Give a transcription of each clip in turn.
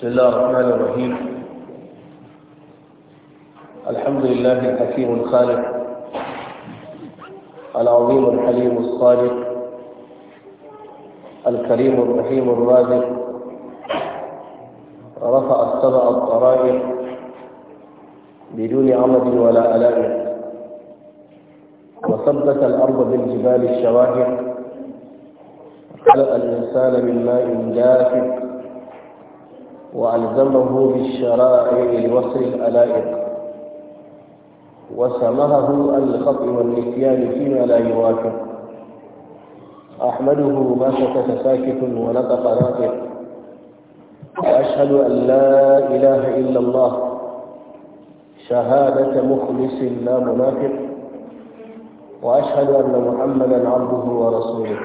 بسم الله الرحمن الرحيم الحمد لله الحكيم الخالق العظيم الحليم الصادق الكريم الرحيم الرازق رفع السبع الطرائق بدون عمد ولا ألام وثبت الأرض بالجبال الشواهق خلق الإنسان من ماء دافئ وألزمه بالشرائع الوصل الألائق وسمهه الخطئ والنسيان فيما لا يوافق أحمده ما سكت ساكت ونطق ناطق وأشهد أن لا إله إلا الله شهادة مخلص لا منافق وأشهد أن محمدا عبده ورسوله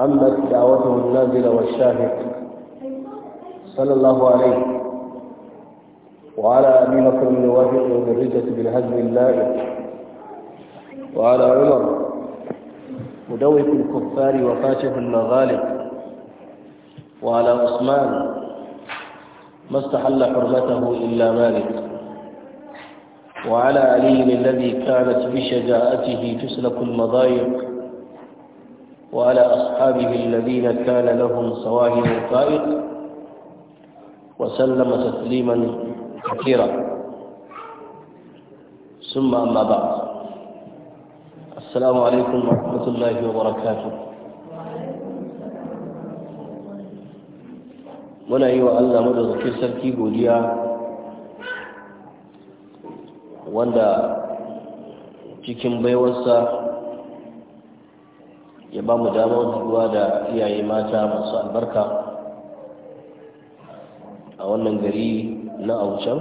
أمت دعوته النازلة والشاهد صلى الله عليه وعلى أبي بكر الموافق بالرجة بالهزم اللائق وعلى عمر مدوك الكفار وفاتح المغالب وعلى عثمان ما استحل حرمته إلا مالك وعلى علي الذي كانت بشجاعته تسلك المضايق وعلى أصحابه الذين كان لهم صواهر فائق وسلم تسليما كثيرا ثم أما بعد السلام عليكم ورحمة الله وبركاته muna yi wa Allah madaukakin sarki godiya wanda cikin baiwarsa ya ba mu damar zuwa da iyaye mata masu albarka wannan gari na aucan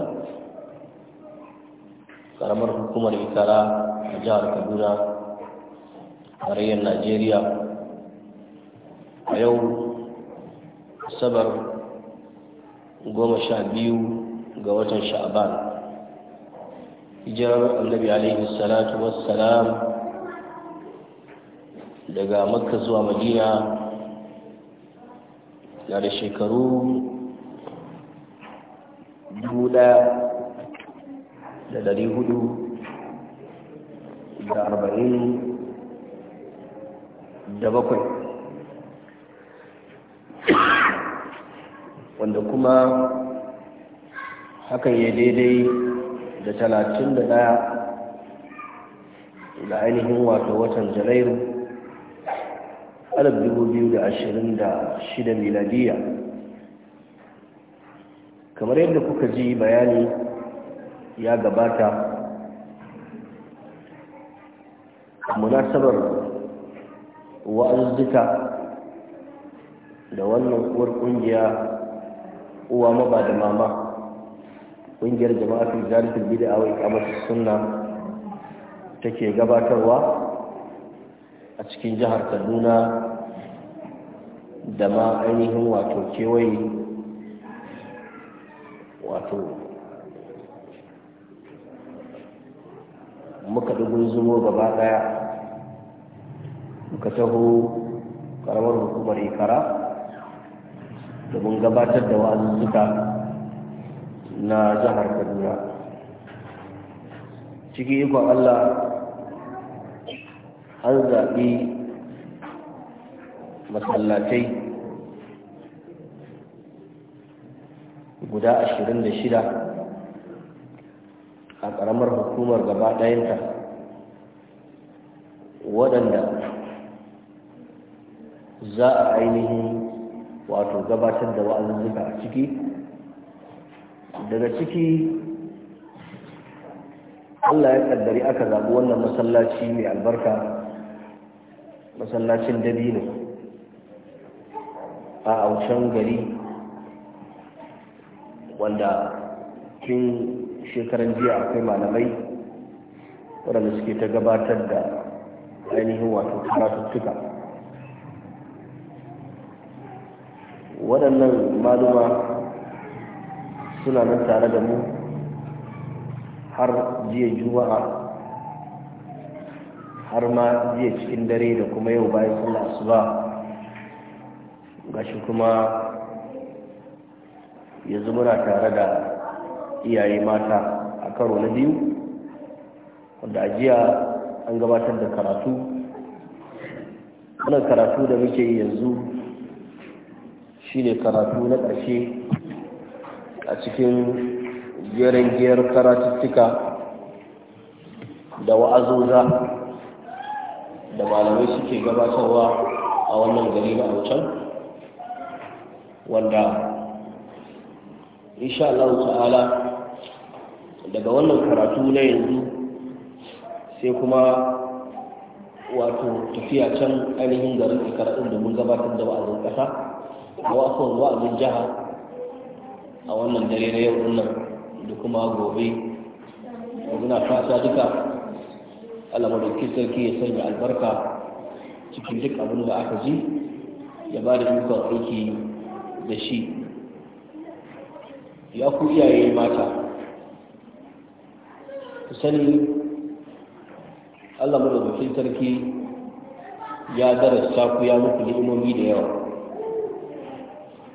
karamar hukumar ikara a jihar kaduna tarayyar najeriya a yau sabar goma sha biyu ga watan sha'aban hijirar annabi alaihi salatu wassalam daga makka zuwa madina na da shekaru dubu daya da dari hudu da arba'in da bakwai wanda kuma hakan ya daidai da talatin da ɗaya da ainihin wato watan janairu alif dubu biyu da ashirin da shida miladiyya kamar yadda kuka ji bayani ya gabata munasabar wa'azzuka da wannan uwar kungiya uwa maba da mama kungiyar jama'atul da awai kamar iqamatus suna take gabatarwa a cikin jihar Kaduna da ma ainihin wato kewaye wato muka dubu zumo gaba daya muka taho karamar hukumar ikara domin gabatar da wa'azuzzuka na jihar kaduna ciki ikon allah an zaɓi masallatai guda ashirin da shida a ƙaramar hukumar gaba ɗayanta waɗanda za a ainihin wato gabatar da zuka a ciki daga ciki allah ya ƙaddari aka zaɓi wannan masallaci mai albarka masallacin dabino a aushen gari wanda tun shekaran jiya akwai malamai wadanda suke ta gabatar da ainihin wato karatuttuka waɗannan maluma suna nan tare da mu har jiya juma'a har ma jiya cikin dare da kuma yau bayan sallah asuba gashi kuma yanzu muna tare da iyaye mata a karo na biyu wanda a jiya an gabatar da karatu wannan karatu da muke yanzu shine karatu na ƙarshe a cikin gyaran giyar karatuttuka da wa'azoza da malamai suke gabatarwa a wannan gari na wucan wanda insha Allah ta'ala daga wannan karatu na yanzu sai kuma wato tafiya can ainihin garin ikaraɗin da mun gabatar da wa'azin ƙasa a wakon wa'azin jiha a wannan dare na yau nan da kuma gobe muna fata duka Allah ke sarki ya sanya albarka cikin duk abin da aka ji ya ba da dukkan aiki da shi ya ku iyaye mata ku sani Allah madaukakin sarki ya darasta ku ya muku ni'imomi da yawa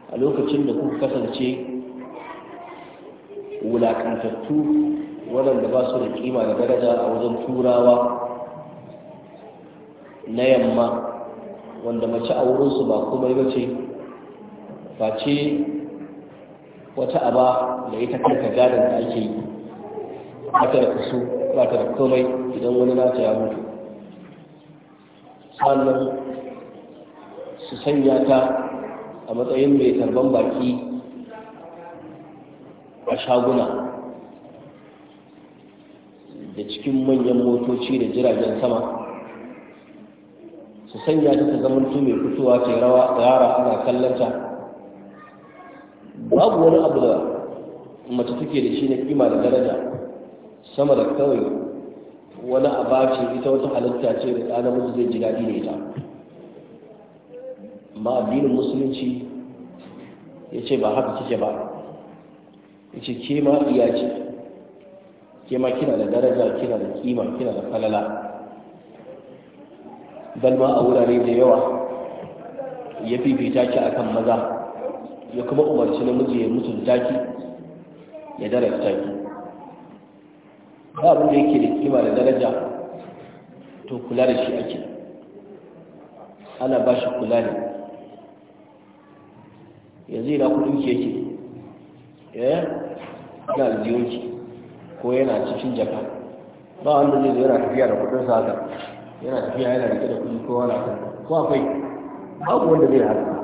a lokacin da kuka kasance wulakantattu waɗanda ba su da kima da daraja a wajen turawa na yamma wanda mace a wurinsu ba kuma ba ce face wata aba da ita kanka gadon da ake yi ba ta da kusu ba da komai idan wani nata ya mutu sannan su sanya ta a matsayin mai tarban baki a shaguna da cikin manyan motoci da jiragen sama su sanya ta ta zamantu mai fitowa ta rawa yara ana kallon babu wani abu da mace take da shi na kima da daraja sama da kawai wani abaci ita wata halitta ce da ɗanar namiji zai ji daɗi ne ta. amma addinin musulunci ya ce ba haka kike ba ya ce ke ma iya ce ke ma kina da daraja kina da kima kina da falala balma a wurare da yawa ya fifita ki akan maza ya kuma umarci namiji ya mutunta ki ya darasta ki ba abinda yake da kima da daraja to kula da shi ake ana ba shi kula ne yanzu yana kudin ke yake eh ina da ki ko yana cikin jaka ba wanda zai zai yana tafiya da kudin sa yana tafiya yana rike da kowa na wani ko akwai babu wanda zai haka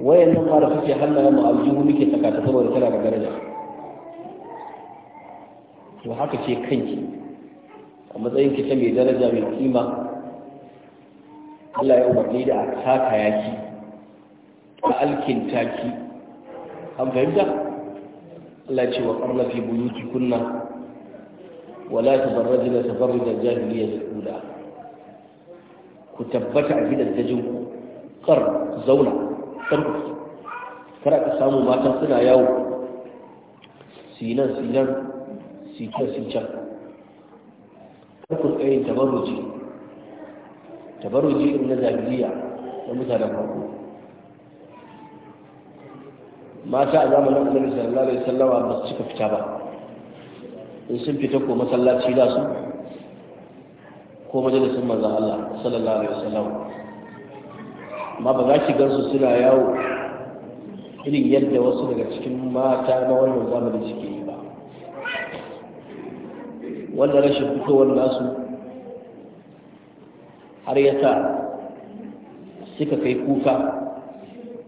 wayan nan ma da suke hannayen mu aljihu muke saka ta saboda tana da daraja to haka ce kanki a matsayin ki ta mai daraja mai kima Allah ya umarni da a taka yaki a alkinta ki an fahimta Allah ce wa ƙarna fi kunna. wala tabarrajna tabarruj al-jahiliyyah da ula ku tabbata a gidajen ku kar zauna karku kar ka samu mata suna yawo sinan sinan sikan sikan karku tsayin tabaruji tabaruji na zagiriya da mutanen farko mata a zamanin annabi sallallahu alaihi wasallama ba su cika fita ba in sun fita ko masallaci da su ko majalisin manzon Allah sallallahu alaihi wasallama amma ba za ki gansu suna yawo irin yadda wasu daga cikin mata na wannan zamani suke yi ba wanda rashin fitowar nasu har ya sa suka kai kuka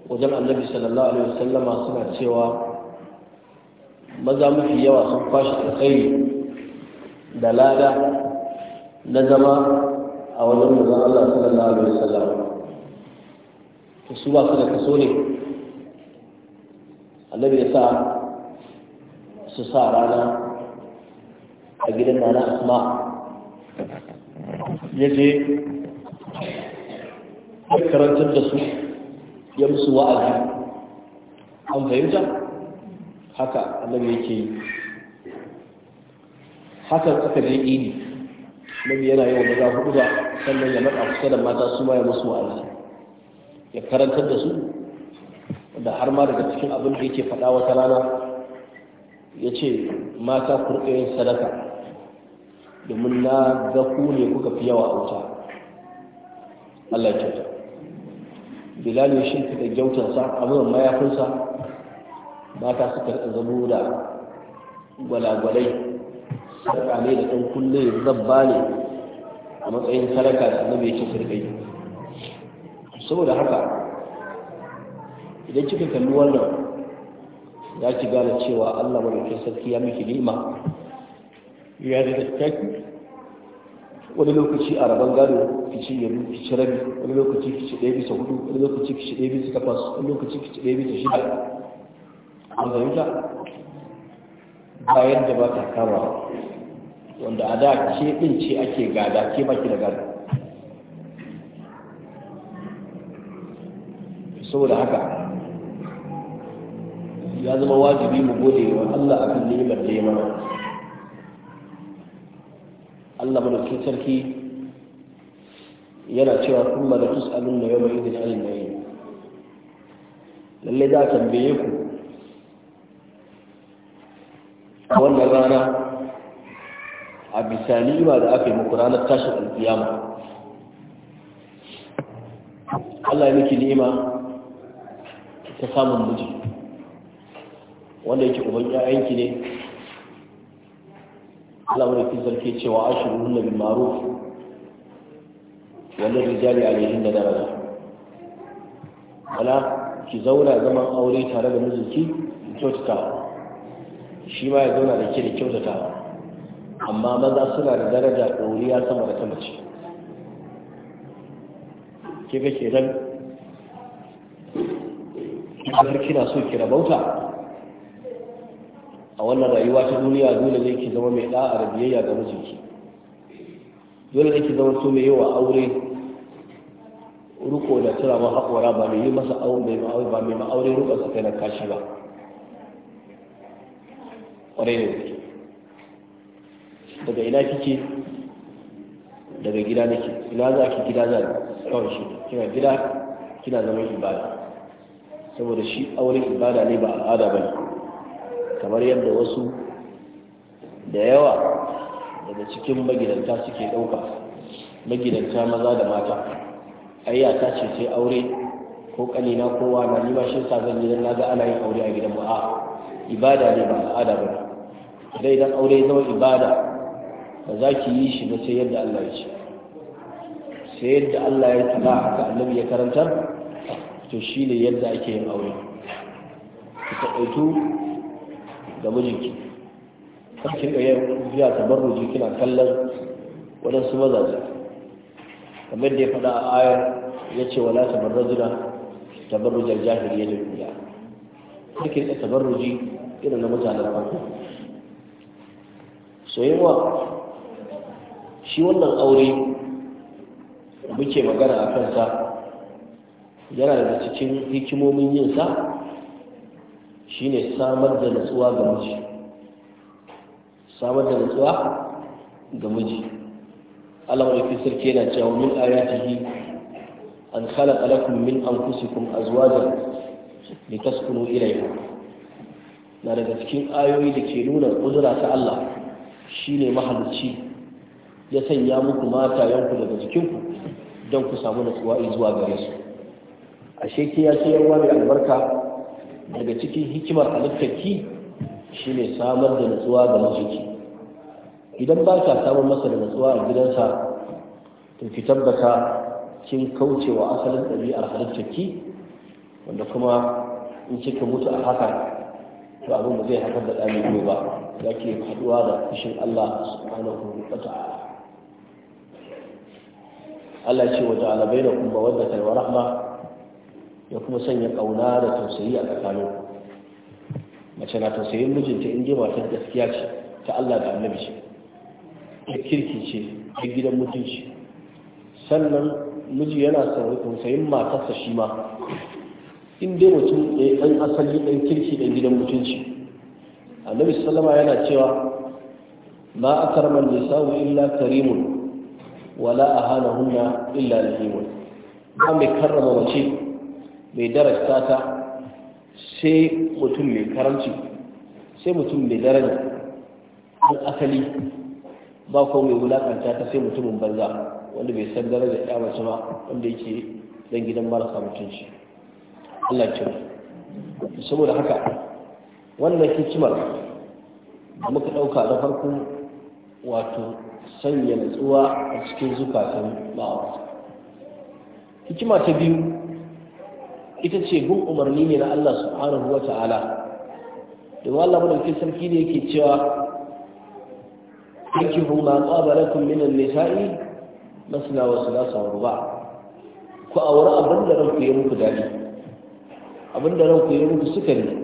wajen annabi sallallahu alaihi wasallama suna cewa maza mafi yawa sun kwashe alkhairi da lada na zama a wajen mazan Allah sallallahu alaihi wasallama su ba su da kaso ne annabi ya sa su sa rana a gidan nana asma ya je karantar da su ya musu wa'azi an fahimta haka annabi yake yi hakan suka je ini annabi yana yi wa maza hudu ba sannan ya matsa kusa da mata su ma ya musu wa'azi ya karantar da su da har ma daga cikin abin da yake faɗa wata rana ya ce mata kurɗe sadaka domin na ga ku ne kuka fi yawa a wuta Allah ya ce. bilal ya shirka da gyautarsa abin mayafinsa mata suka zamo da gwalagwalai sarƙa ne da ɗan kulle zabba ne a matsayin sadaka da annabi yake sarƙai saboda haka idan cikin kalli wannan ya ci gane cewa Allah kai sarki ya miki nima ya da taki wani lokaci a rabon gado ki ci yabi ki ci rabi wani lokaci ki ci ɗaya bisa hudu wani lokaci ki ci ɗaya bisa takwas wani lokaci ki ci ɗaya bisa shida an fahimta bayan da ba ta kama wanda a da ke ɗin ce ake gada ke baki da gado saboda haka ya zama wajibi mu gode wa Allah a kan nemar da ya mana Allah madaukin sarki yana cewa kun da tus'alun na yawma da alin na'im lalle za a tambaye ku a wannan rana a bisa nima da aka yi muku ranar tashin alkiyama Allah ya miki ni'ima ta samun miji wanda yake uban ƴaƴanki ne Allah wani fi sarki cewa ashiru hunna bil ma'ruf wanda rijali alayhin da daraja wala ki zauna zaman aure tare da mijinki kyautata shi ma ya zauna da ke da kyautata amma maza suna da daraja ɗoriya sama da ta mace ke ga kenan kamar kina so ki rabauta a wannan rayuwa ta duniya dole ne ki zama mai da'a da biyayya ga mijinki dole ne ki zama so mai yawa aure ruko da turawa haƙora ba mai yi masa aure mai ma'aure ba mai ma'aure kai na kashi ba ƙwarai ne daga ina kike daga gida nake ina za ki gida za ki kawai shi kina gida kina zama ibada saboda shi aure ibada ne ba al'ada ba kamar yadda wasu da yawa daga cikin magidanta suke ɗauka magidanta maza da mata ta ce sai aure ko kanina kowa na ni ba shi sa zan gidan na ga ana yin aure a gidan ba ibada ne ba al'ada ba dai idan aure ya zama ibada ba za ki yi shi ba sai yadda Allah ya ce sai yadda Allah ya tala haka annabi ya karantar to shi ne yadda ake yin aure ki taɓaitu da mijinki kan ki ɗaya zuwa tabarruji kina kallon waɗansu mazaje kamar da ya faɗa a ayar ya ce wala tabarrujina tabarrujar jahiliya da kula kirkin da tabarruji irin na mutanen farko soyewa shi wannan aure muke magana a kansa yana daga cikin hikimomin yin sa ne samar da nutsuwa ga miji samar da nutsuwa ga miji Allah sarki yana cewa min ayatihi an khalaqa lakum min anfusikum azwajan litaskunu ilayha na daga cikin ayoyi da ke nuna kudura ta Allah shine mahalicci ya sanya muku mata yanku daga jikinku don ku samu nutsuwa zuwa gare su ashe ke ya sayarwa mai albarka daga cikin hikimar shi shine samar da nutsuwa ga mijinki idan ba ka samun masa da nutsuwa a gidansa to ki tabbata kin kaucewa asalin ɗabi'ar halittarki wanda kuma in kika mutu a haka to abin ba zai haifar da ɗalibi ba za ki haɗuwa da fushin Allah subhanahu wa ta'ala Allah ce wa ja'ala bainakum mawaddatan wa rahma ya kuma sanya ƙauna da tausayi a tsakanin mace na tausayin mijinta in je matar gaskiya ce ta Allah da annabi ce ta kirki ce ta gidan mutunci sannan miji yana tausayin matarsa shi ma in dai mutum ɗaya ɗan asali ɗan kirki ɗan gidan mutunci annabi sallama yana cewa ma akarman nisa'u illa karimun wala ahanahunna illa lahimun ba mai karrama mace mai darasta ta sai mutum mai karanci sai mutum mai daraja an asali ba ko mai wulakanta ta sai mutumin banza wanda bai san daraja ya mace ba wanda yake dan gidan marasa mutunci Allah ya ce saboda haka wannan hikimar da muka dauka na farko wato sanya nutsuwa a cikin zukatan ba'a hikima ta biyu ita ce bin umarni ne na Allah subhanahu wa ta'ala domin Allah madaukin sarki ne yake cewa yankihu ma qabalakum min an-nisa'i masna wa nasu wa ruba ku aure abinda da ku ya muku dadi abinda da ku ya muku sukari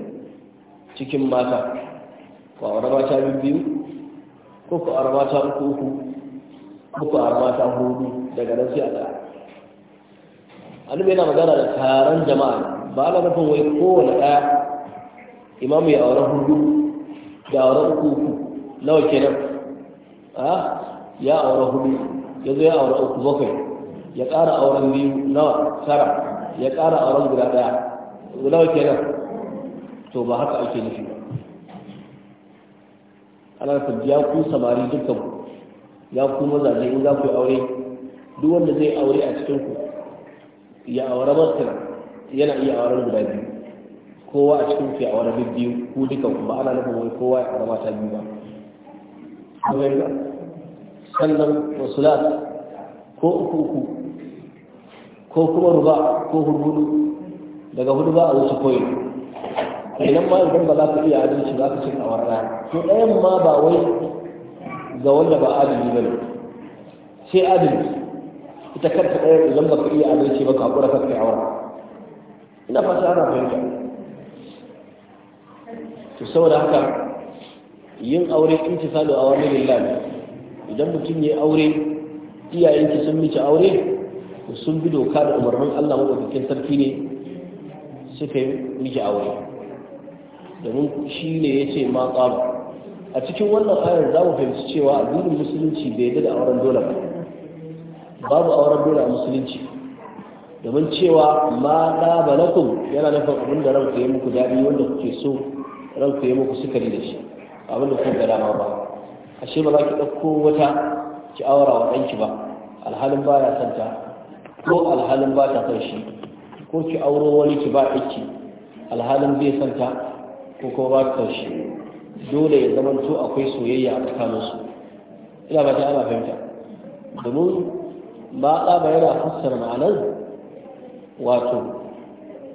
cikin mata ku aure mata biyu ko ku aure mata uku uku ku aure mata hudu daga nan sai annabi yana magana da taron jama'a ba na nufin wai kowane ɗaya imamu ya auren hudu da auren uku uku nawa kenan a ya auren hudu ya zo ya auren uku bakwai ya ƙara auren biyu nawa tara ya ƙara auren guda ɗaya nawa kenan to ba haka ake nufi ana nufin ya ku samari dukkan ya ku mazaje in za ku yi aure duk wanda zai aure a cikin ku ya aure masana yana iya aure guda biyu kowa a cikin ya aure biyu ko dukan ba ana nufin wai kowa ya aure mata biyu ba sannan wasulat ko uku uku ko kuma ruba ko hudu daga hudu ba a wasu koyi idan ma idan ba za ka iya adalci ba ka cin awar ɗaya to ɗayan ma ba wai ga wanda ba adalci ba ne sai adalci ita kanta ɗaya idan zamba ka iya abinci ba ka kura ka kai aure ina fata ana fahimta to saboda haka yin aure in intisalu a wani lillahi idan mutum ya aure iyayenki sun miki aure sun bi doka da umarnin Allah maɗaukakin sarki ne suka yi aure domin shi ne ya ce ma a cikin wannan ayar za mu fahimci cewa addinin musulunci bai yadda da auren dole ba babu auren dole a musulunci domin cewa ma na kun yana nufin abin da rauta ya muku daɗi wanda kuke so rauta ya muku sukari da shi abin da kuma ga dama ba ashe ba za ki ɗauko wata ki aura wa ɗanki ba alhalin ba ya santa ko alhalin ba ta kan shi ko ki auro wani ki ba ɗanki alhalin bai santa ko kuma ba ta kan shi dole ya zamanto akwai soyayya a tsakaninsu ina ba ta ana fahimta domin ba ba yana fassara ma'anar wato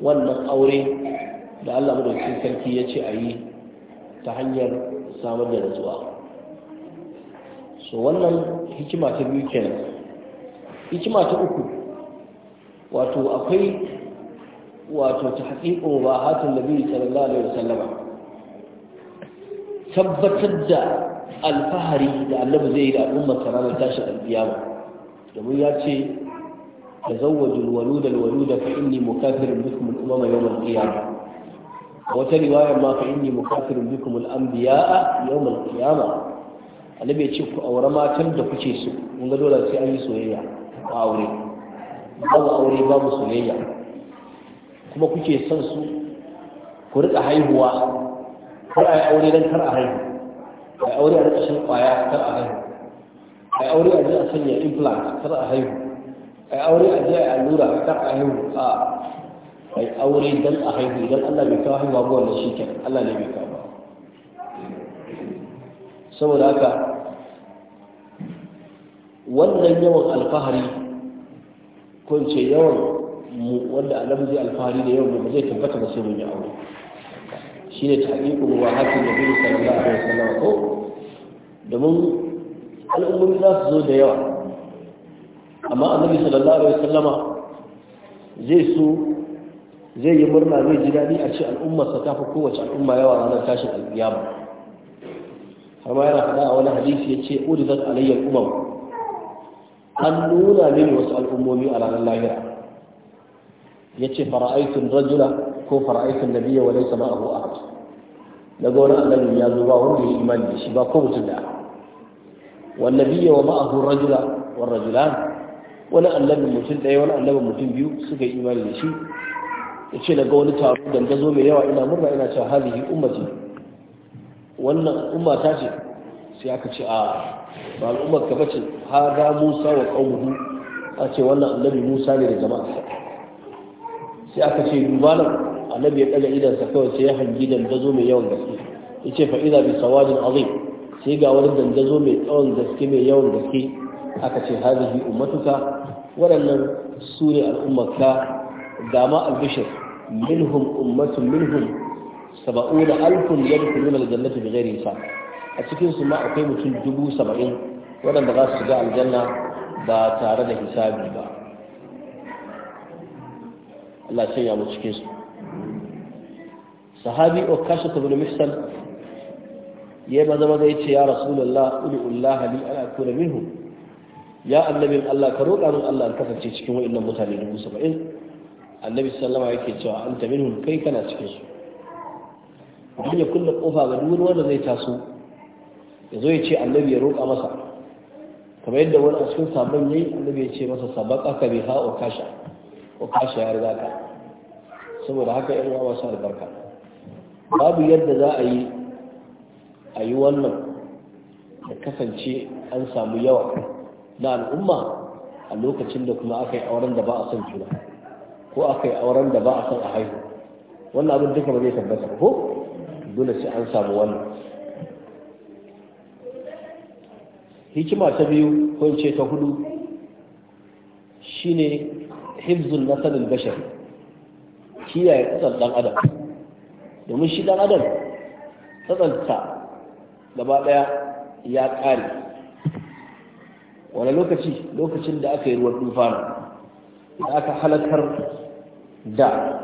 wannan aure da Allah madaukakin sarki ya ce a yi ta hanyar samar da nutsuwa so wannan hikima ta biyu kenan hikima ta uku wato akwai wato ta haƙiƙo ba hatin nabi sallallahu alaihi wasallama tabbatar da alfahari da annabi zai yi da al'ummar ranar tashin alƙiyama domin ya ce da da waluda da fa inni mukafirun bikum al-umama yawm al-qiyamah wata riwaya ma fa inni mukafirun bikum al-anbiya'a yawm al-qiyamah annabi ya ce ku aure matan da kuke su, mun ga dole sai an yi soyayya ba aure babu aure babu soyayya kuma kuke son su ku rika haihuwa kar a yi aure dan kar a haihu a aure a rikashin kwaya kar a haihu a aure a je a sanya implant kar a haihu a aure a je a allura kar a haihu a ai aure dan a haihu idan Allah bai kawo haihuwa ba wannan shikin Allah ne bai kawo ba saboda haka wannan yawan alfahari ko ce yawan mu wanda annabi zai alfahari da yawan mu zai tabbata ba sai mun yi aure shine tahqiqu wa hakki nabi sallallahu alaihi wasallam ko domin al'ummomi za su zo da yawa amma annabi sallallahu alaihi wasallama zai so zai yi murna zai ji daɗi a ce al'ummarsa ta fi kowace al'umma yawa ranar tashin alƙiyama har ma yana faɗa a wani hadisi ya ce urizat alayyar umar an nuna mini wasu al'ummomi a ranar lahira ya ce fara'aitun rajula ko fara'aitun nabiya wa laisa ma'ahu ahad na ga wani annabi ya zo ba wanda ya imani da shi ba ko mutum da والنبي ومعه الرجل والرجلان wani annabin mutum ɗaya wani annabin mutum biyu suka yi imani da shi ya ce daga wani taron, ta zo mai yawa ina murna ina cewa halihi ummati wannan umma ta ce sai aka ce a ba al'ummar ka bace ha ga musa wa ƙaunuhu a ce wannan annabi musa ne da jama'a sai aka ce duba nan annabi ya ɗaga idansa kawai sai ya hangi ta zo mai yawan gaske ya ce fa'iza bi sawadin azim sai ga wani dandazo mai tsawon gaske mai yawan gaske aka ce hazihi ummatuka waɗannan su ne al'ummarka ga ma albishir minhum ummatun minhum saba'u da alfun ya duku da aljannatu da zai a cikinsu ma akwai mutum dubu saba'in waɗanda za su shiga aljanna ba tare da hisabi ba Allah ya mu cikinsu sahabi okasha ta bin ya maza maza ya ce ya rasulullah ulullah li ala akuna minhu ya annabin Allah ka roƙa min Allah ka kasance cikin wa'annan mutane dubu saba'in annabi sallama yake cewa ta minhu kai kana cikin su don ya kulle kofa ga duk wanda zai taso ya zo ya ce annabi ya roƙa masa kamar yadda wani a cikin sabon yayi annabi ya ce masa sabaka ka biha o kasha ko kasha ya riga ka saboda haka yan uwa masu albarka babu yadda za a yi a yi wannan da kasance an samu yawa na al'umma a lokacin da kuma aka yi auren da ba a son juna ko aka yi auren da ba a son a haihu wannan abin duka ba zai tabbata ko dole sai an samu wannan hikima ta biyu ko in ce ta hudu shine hibzun nasarin bashar kiyaye kasar dan adam domin shi dan adam tsatsanta gaba ɗaya ya ƙare wani lokaci lokacin da aka yi ruwan tufana da aka halakar da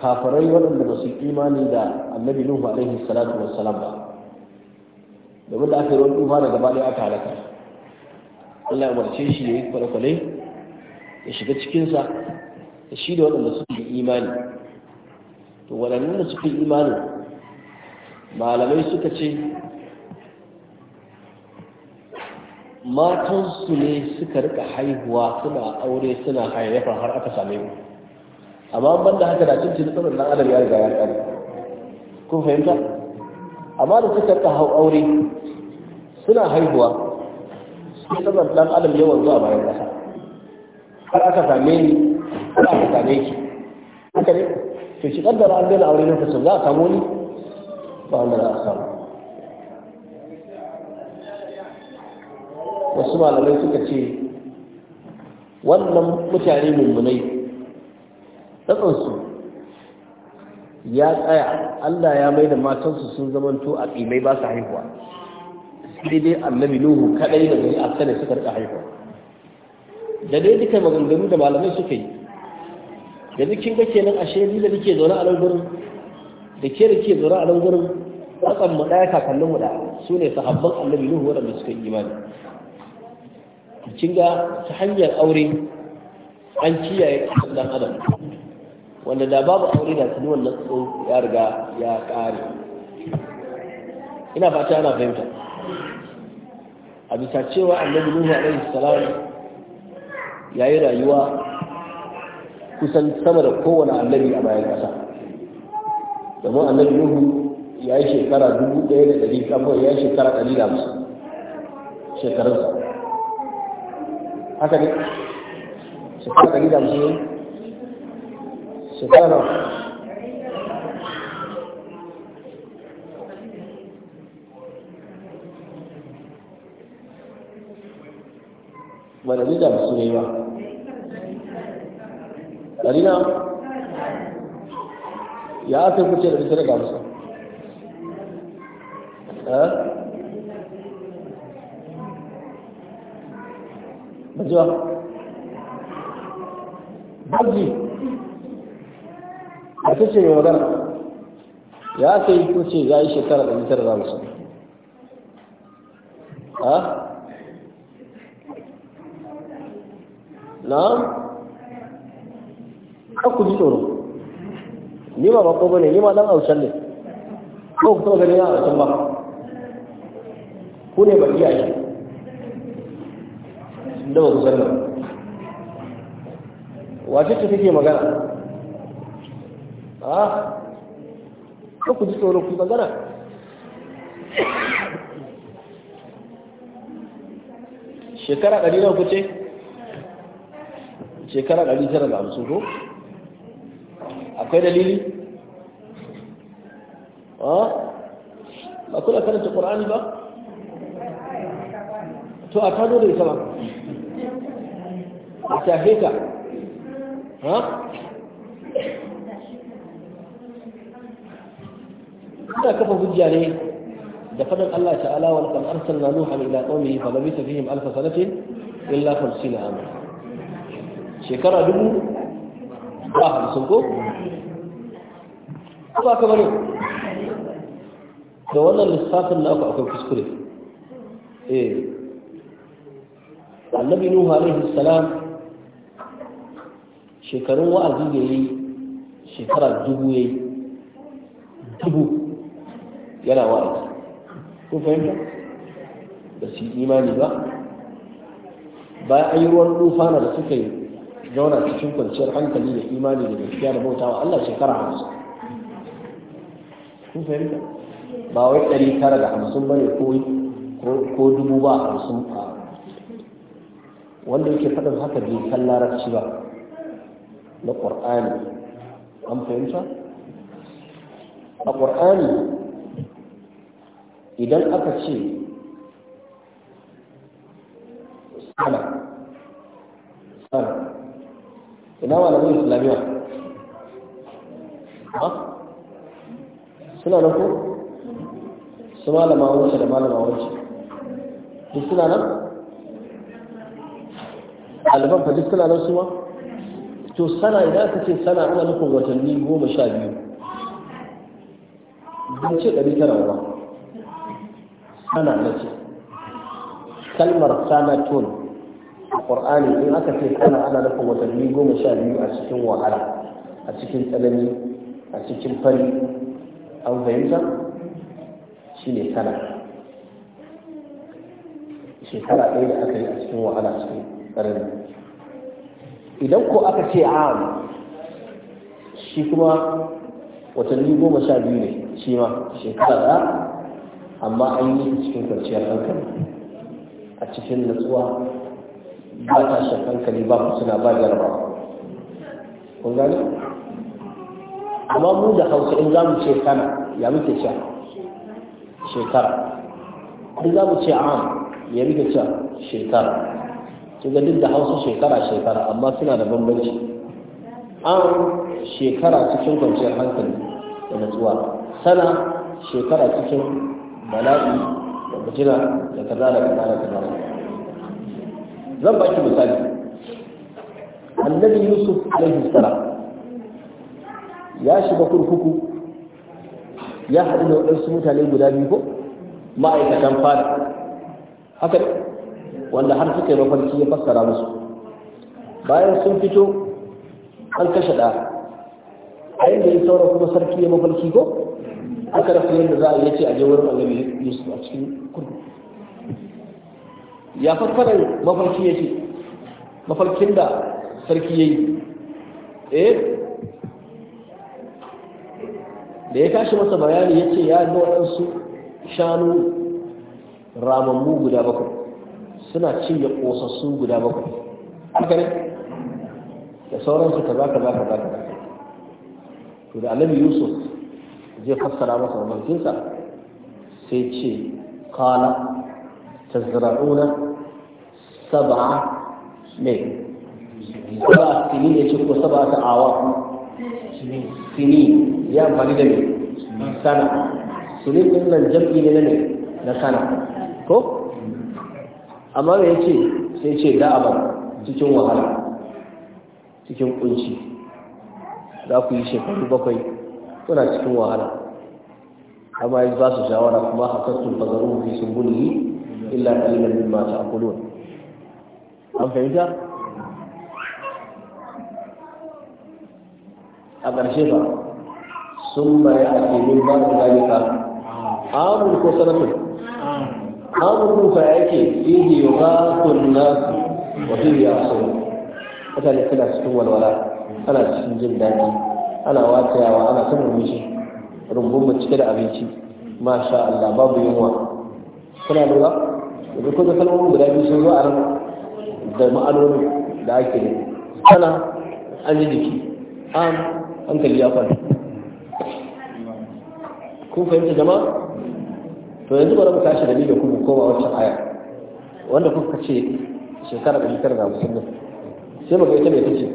kafarai waɗanda ba su imani da annabi nuhu alaihi salatu salam ba domin da aka yi ruwan tufana gaba ɗaya aka halaka Allah ya umarce shi ya yi kwale-kwale ya shiga cikinsa da shi da waɗanda suke imani to waɗannan da suke imani malamai suka ce matansu ne suka rika haihuwa suna aure suna hayayyafa har aka same mu amma ban da haka da cin cin tsarin nan adam ya riga ya kare kun fahimta amma da suka rika hau aure suna haihuwa sai tsarin dan adam ya wanzu a bayan kasa har aka same ni har aka same ki haka ne to shi kaddara an daina aure fasa za a samu ni wasu malamai suka ce wannan mutane mummunai tsatsansu ya tsaya Allah ya mai da matansu sun zamanto a ƙimai ba su haihuwa sai dai annabi nuhu kaɗai da zai afta da suka rika haihuwa da dai duka maganganu da malamai suka yi yanzu kin ga kenan ashe ni da nake zaune a nan da ke da ke zura a nan gurin tsatsan mu ɗaya kakannin mu da su ne sahabban annabi nuhu waɗanda suka yi imani kin ga ta hanyar aure an kiyaye ɗan adam wanda da babu aure da tuni wannan tsohon ya riga ya ƙare ina fata ana fahimta a bisa cewa annabi nuhu alaihi salam yi rayuwa kusan sama da kowane annabi a bayan ƙasa domin annabi nuhu ya yi shekara dubu ɗaya da ɗari kafin ya yi shekara ɗari da hamsin shekarunsa haka ne shekara ɗari da hamsin shekara nawa ba da ɗari da hamsin ne ba ɗari na ya aka kuce da ita daga musu Bajiwa? Baji, a ta ce mai magana, ya aka yi kuce ya yi shekara da ita da musu. ba bako bane ni ma dan aushan ne ko ku gani na aushan ba ku ne ba iyaye da ba ku san nan wace ce take magana a ah, ko ku ji tsoro ku magana shekara ɗari nawa kuce shekara ɗari tara da hamsin ko akwai dalili alkur'ani ba to a tano da ita ba a shafe ta ha ina kafa hujja ne da faɗin Allah ta'ala wal qad arsalna nuhan ila qaumihi fa labisa fihim alf sanatin illa 50 ama shekara dubu ba hamsin ko ba ka bane da wannan lissafin naku akwai kuskure eh annabi nuhu alaihi salam shekarun wa'azi da yi shekara dubu yi dubu yana wa'azi kun fahimta ba su yi imani ba bayan an yi ruwan na da suka yi zauna cikin kwanciyar hankali da imani da gaskiya da bautawa Allah shekara hamsin kun fahimta ba wai ɗari tara da hamsin ba ne ko dubu ba hamsin ba. wanda yake faɗin haka bai san larabci ba na ƙur'ani an fahimta a ƙur'ani idan aka ce sana sana ina na islamiyya ha suna na ko su malama wance da malama wance duk suna nan ɗaliban fa duk suna nan su ma to sana idan aka ce sana ana nufin watanni goma sha biyu don ce ɗari tara ba sana na ce kalmar sanatun a ƙwar'ani in aka ce sana ana nufin watanni goma sha biyu a cikin wahala a cikin tsanani a cikin fari an fahimta shi ne sana shekara ɗaya da aka yi a cikin wahala cikin ƙarar idan ko aka ce am shi kuma watanni goma sha biyu ne shi ma shekara ɗaya amma an yi cikin kwanciyar hankali a cikin natsuwa ba ta tashin hankali ba suna ba jarabawa kun gani amma mu da hausa in za mu ce sana ya muke cewa shekara duk za mu ce an ya rike cewa shekara su ga duk da hausa shekara shekara amma suna da bambanci an shekara cikin kwanciyar hankali da natsuwa sana shekara cikin bala'i da fitina da kaza da kaza da kaza zan baki misali annabi yusuf alaihi salam ya shiga kurkuku ya haɗu da waɗansu mutane guda biyu ko ma'aikatan fada haka wanda har suka yi mafarki ya fassara musu bayan sun fito an kashe ɗa a yadda ya saura kuma sarki ya mafarki ko aka rafi yadda za a yace a je wurin annabi yusuf a cikin kudu ya fassarar mafarki ya ce mafarkin da sarki ya yi eh da ya tashi masa bayani ya ce ya ga waɗansu shanu ramammu guda bakwai suna cinye ƙosassu guda bakwai haka ne da sauransu ta zaka zaka zaka to da annabi yusuf zai fassara masa mafarkinsa sai ce kala tazra'una sab'a ne sab'a sinin ya ce ko sab'a ta awa sinin ya amfani da me sana sulim din nan jam'i ne na ne na sana ko amma me yace sai ce da'aban cikin wahala cikin kunci za ku yi shekaru bakwai kuna cikin wahala amma yi ba su shawara kuma hakattun fazaru fi sun yi illa kalilan min ma ta'kulun an fahimta a ƙarshe ba sun ma ya ake min ba da zalika amur ko sanatun amur kun fa yake fiye yughathun wajen ya so yasun mutane suna cikin walwala ana cikin jin daɗi ana watayawa ana son rumushi rumbun mu cike da abinci masha Allah babu yunwa kuna lura yanzu ko da kalmomin guda biyu sun zo a nan da ma'anar da ake ne Kana an ji jiki an hankali ya kwanta kun fahimta jama'a to yanzu bari mu tashi da da dalilin ko koma wancan aya wanda kuka ce shekara da shekara ga musulmi sai mu ga ita ne tace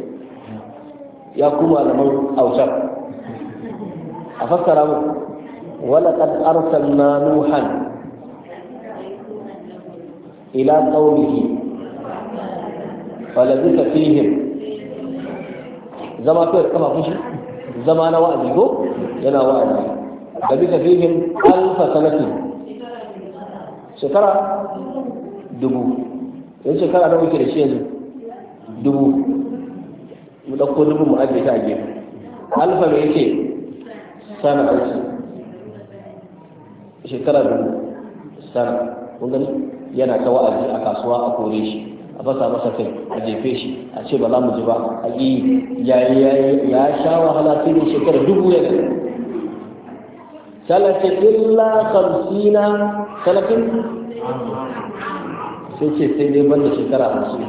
ya kuma zaman aushar a fassara mu wala qad arsalna nuhan ila qawmihi falazika fihim zama to kuma kushi zama na wa'azi go yana wa'azi da bisa fihim alfa sanatin shekara dubu yanzu shekara na wuce da shi yanzu dubu mu ɗauko dubu mu ajiye ta a gefe alfa mai yake sana an ce shekara dubu sana kun yana ta wa'azi a kasuwa a kore shi a fasa masa kai a jefe shi a ce ba za mu ji ba a yi ya sha wahala sai shekara dubu yanzu talaka illa kamsina talakin sai ce sai dai banda shekara hamsin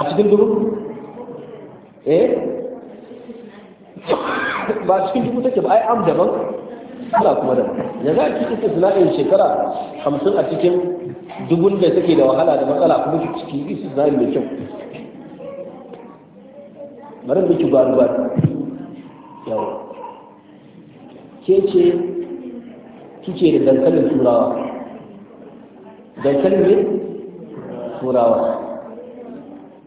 a cikin dubu eh ba cikin dubu take ba ai am daban suna kuma da ya za ki kike sina'in shekara hamsin a cikin dubun da take da wahala da matsala kuma ki ciki isu zai mai kyau bari miki gwaru ba yawa ke ce kike da dankalin turawa dankalin ne turawa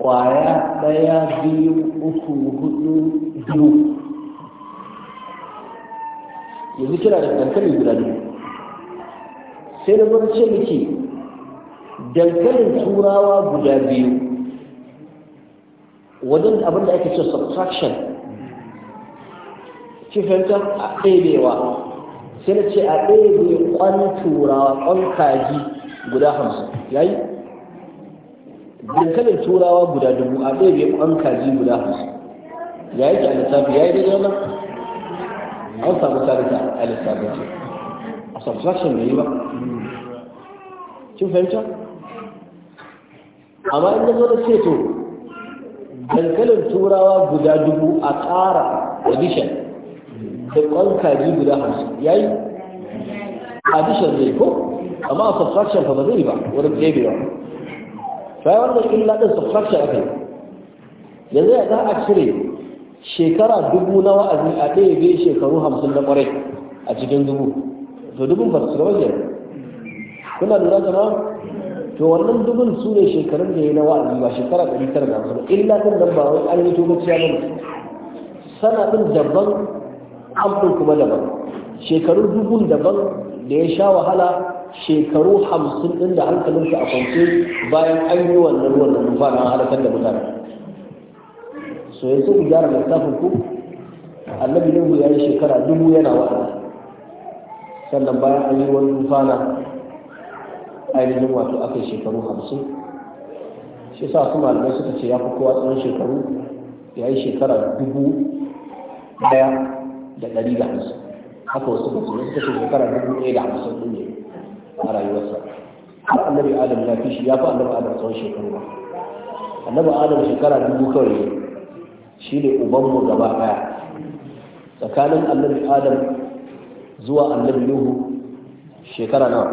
kwaya ɗaya biyu uku hudu biyu yanzu kira da dankalin guda biyu sai da gwada ce miki dankalin turawa guda biyu wajen abinda ake ce subtraction kifantar a ɗebewa sai na ce a ɗebe ƙwan turawa ƙwan kaji guda hamsin ya yi dankalin turawa guda dubu a ɗebe ƙwan kaji guda hamsin ya yake a lissafi ya yi daidai wannan an samu tarika a lissafi ce a subtraction mai yi ba kin fahimta amma in da zo da ce to dankalin turawa guda dubu a ƙara addition da kwan kaji guda hamsin ya yi addition zai ko amma a subtraction fa ba zai ba wurin ɗebewa sai wanda illa ladin subtraction aka yi yanzu ya za a cire shekara dubu na wa'azi a ɗaya biyu shekaru hamsin na ƙwarai a cikin dubu to dubun ba su wajen kuna lura da ma to wannan dubun su ne shekarun da ya na wa'azi ba shekara ɗari tara da hamsin illa kan dabbawa an yi to ciyar da ne sana ɗin daban amfin kuma daban shekaru dubu daban da ya sha wahala shekaru hamsin din da hankalin a kwance bayan an yi wannan ruwan da rufa na halakar da mutane so yanzu ku gyara tafin ku annabi ne ya yi shekara dubu yana wa'ala sannan bayan an yi wa rufa na ainihin wato aka yi shekaru hamsin shi sa su malamai suka ce ya fi kowa tsawon shekaru ya yi shekara dubu daya? da ɗari da hamsin haka wasu musulmi suka ce shekara dubu ɗaya da hamsin ɗin ne a rayuwarsa har annabi adam ya fi shi ya fi annabi adam tsawon shekaru ba annabi adam shekara dubu kawai shi ne ubanmu gaba ɗaya tsakanin annabi adam zuwa annabi nuhu shekara nawa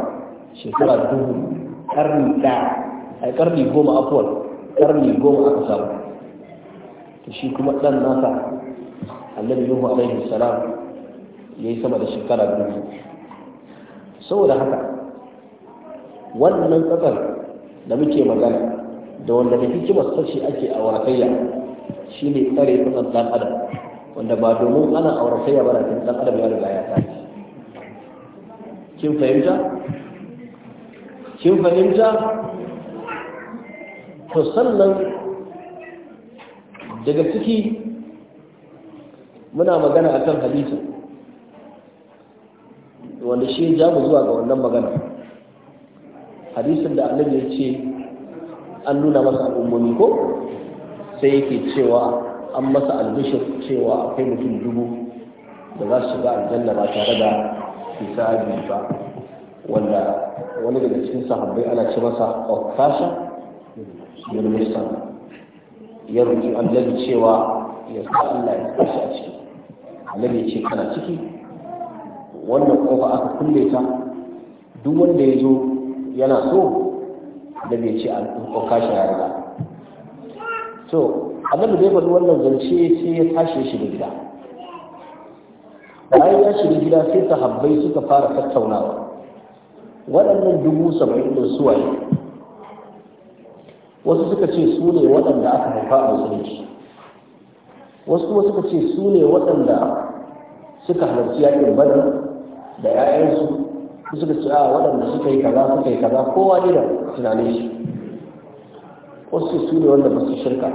shekara dubu ƙarni ɗaya a ƙarni goma afuwar ƙarni goma aka samu to shi kuma ɗan nasa annabi nuhu alaihi salam yayi sama da shekara dubu saboda haka wannan tsatsar da muke magana da wanda da hikimar sashi ake a warakayya shine tsare tsatsar dan adam wanda ba domin ana a warakayya ba da dan adam ya riga ya tashi kin fahimta kin fahimta to sannan daga ciki muna magana akan hadisi wanda shi ya mu zuwa ga wannan magana hadisin da annabi ya ce an nuna masa al'ummomi ko sai yake cewa an masa albishir cewa akwai mutum dubu da za su shiga aljanna ba tare da hisabi ba wanda wani daga cikin sahabbai ana ce masa okasha yurmistan ya roki aljanna cewa ya sa Allah ya kashe a ciki annabi ya ce kana ciki wannan kofa aka kulle ta duk wanda ya zo yana so annabi ya ce an ɗauka shi ya riga to annabi zai faɗi wannan zance sai ya tashi shi da gida bayan ya shiga gida sai Habbai suka fara tattaunawa waɗannan dubu saba'in da suwaye wasu suka ce su ne waɗanda aka haifa a musulunci wasu kuma suka ce su ne waɗanda suka halarci yaƙin bari da 'ya'yansu su suka ce a ah, waɗanda suka yi kaza suka yi kaza kowa ne da tunanin shi wasu su ne wanda ba su shirka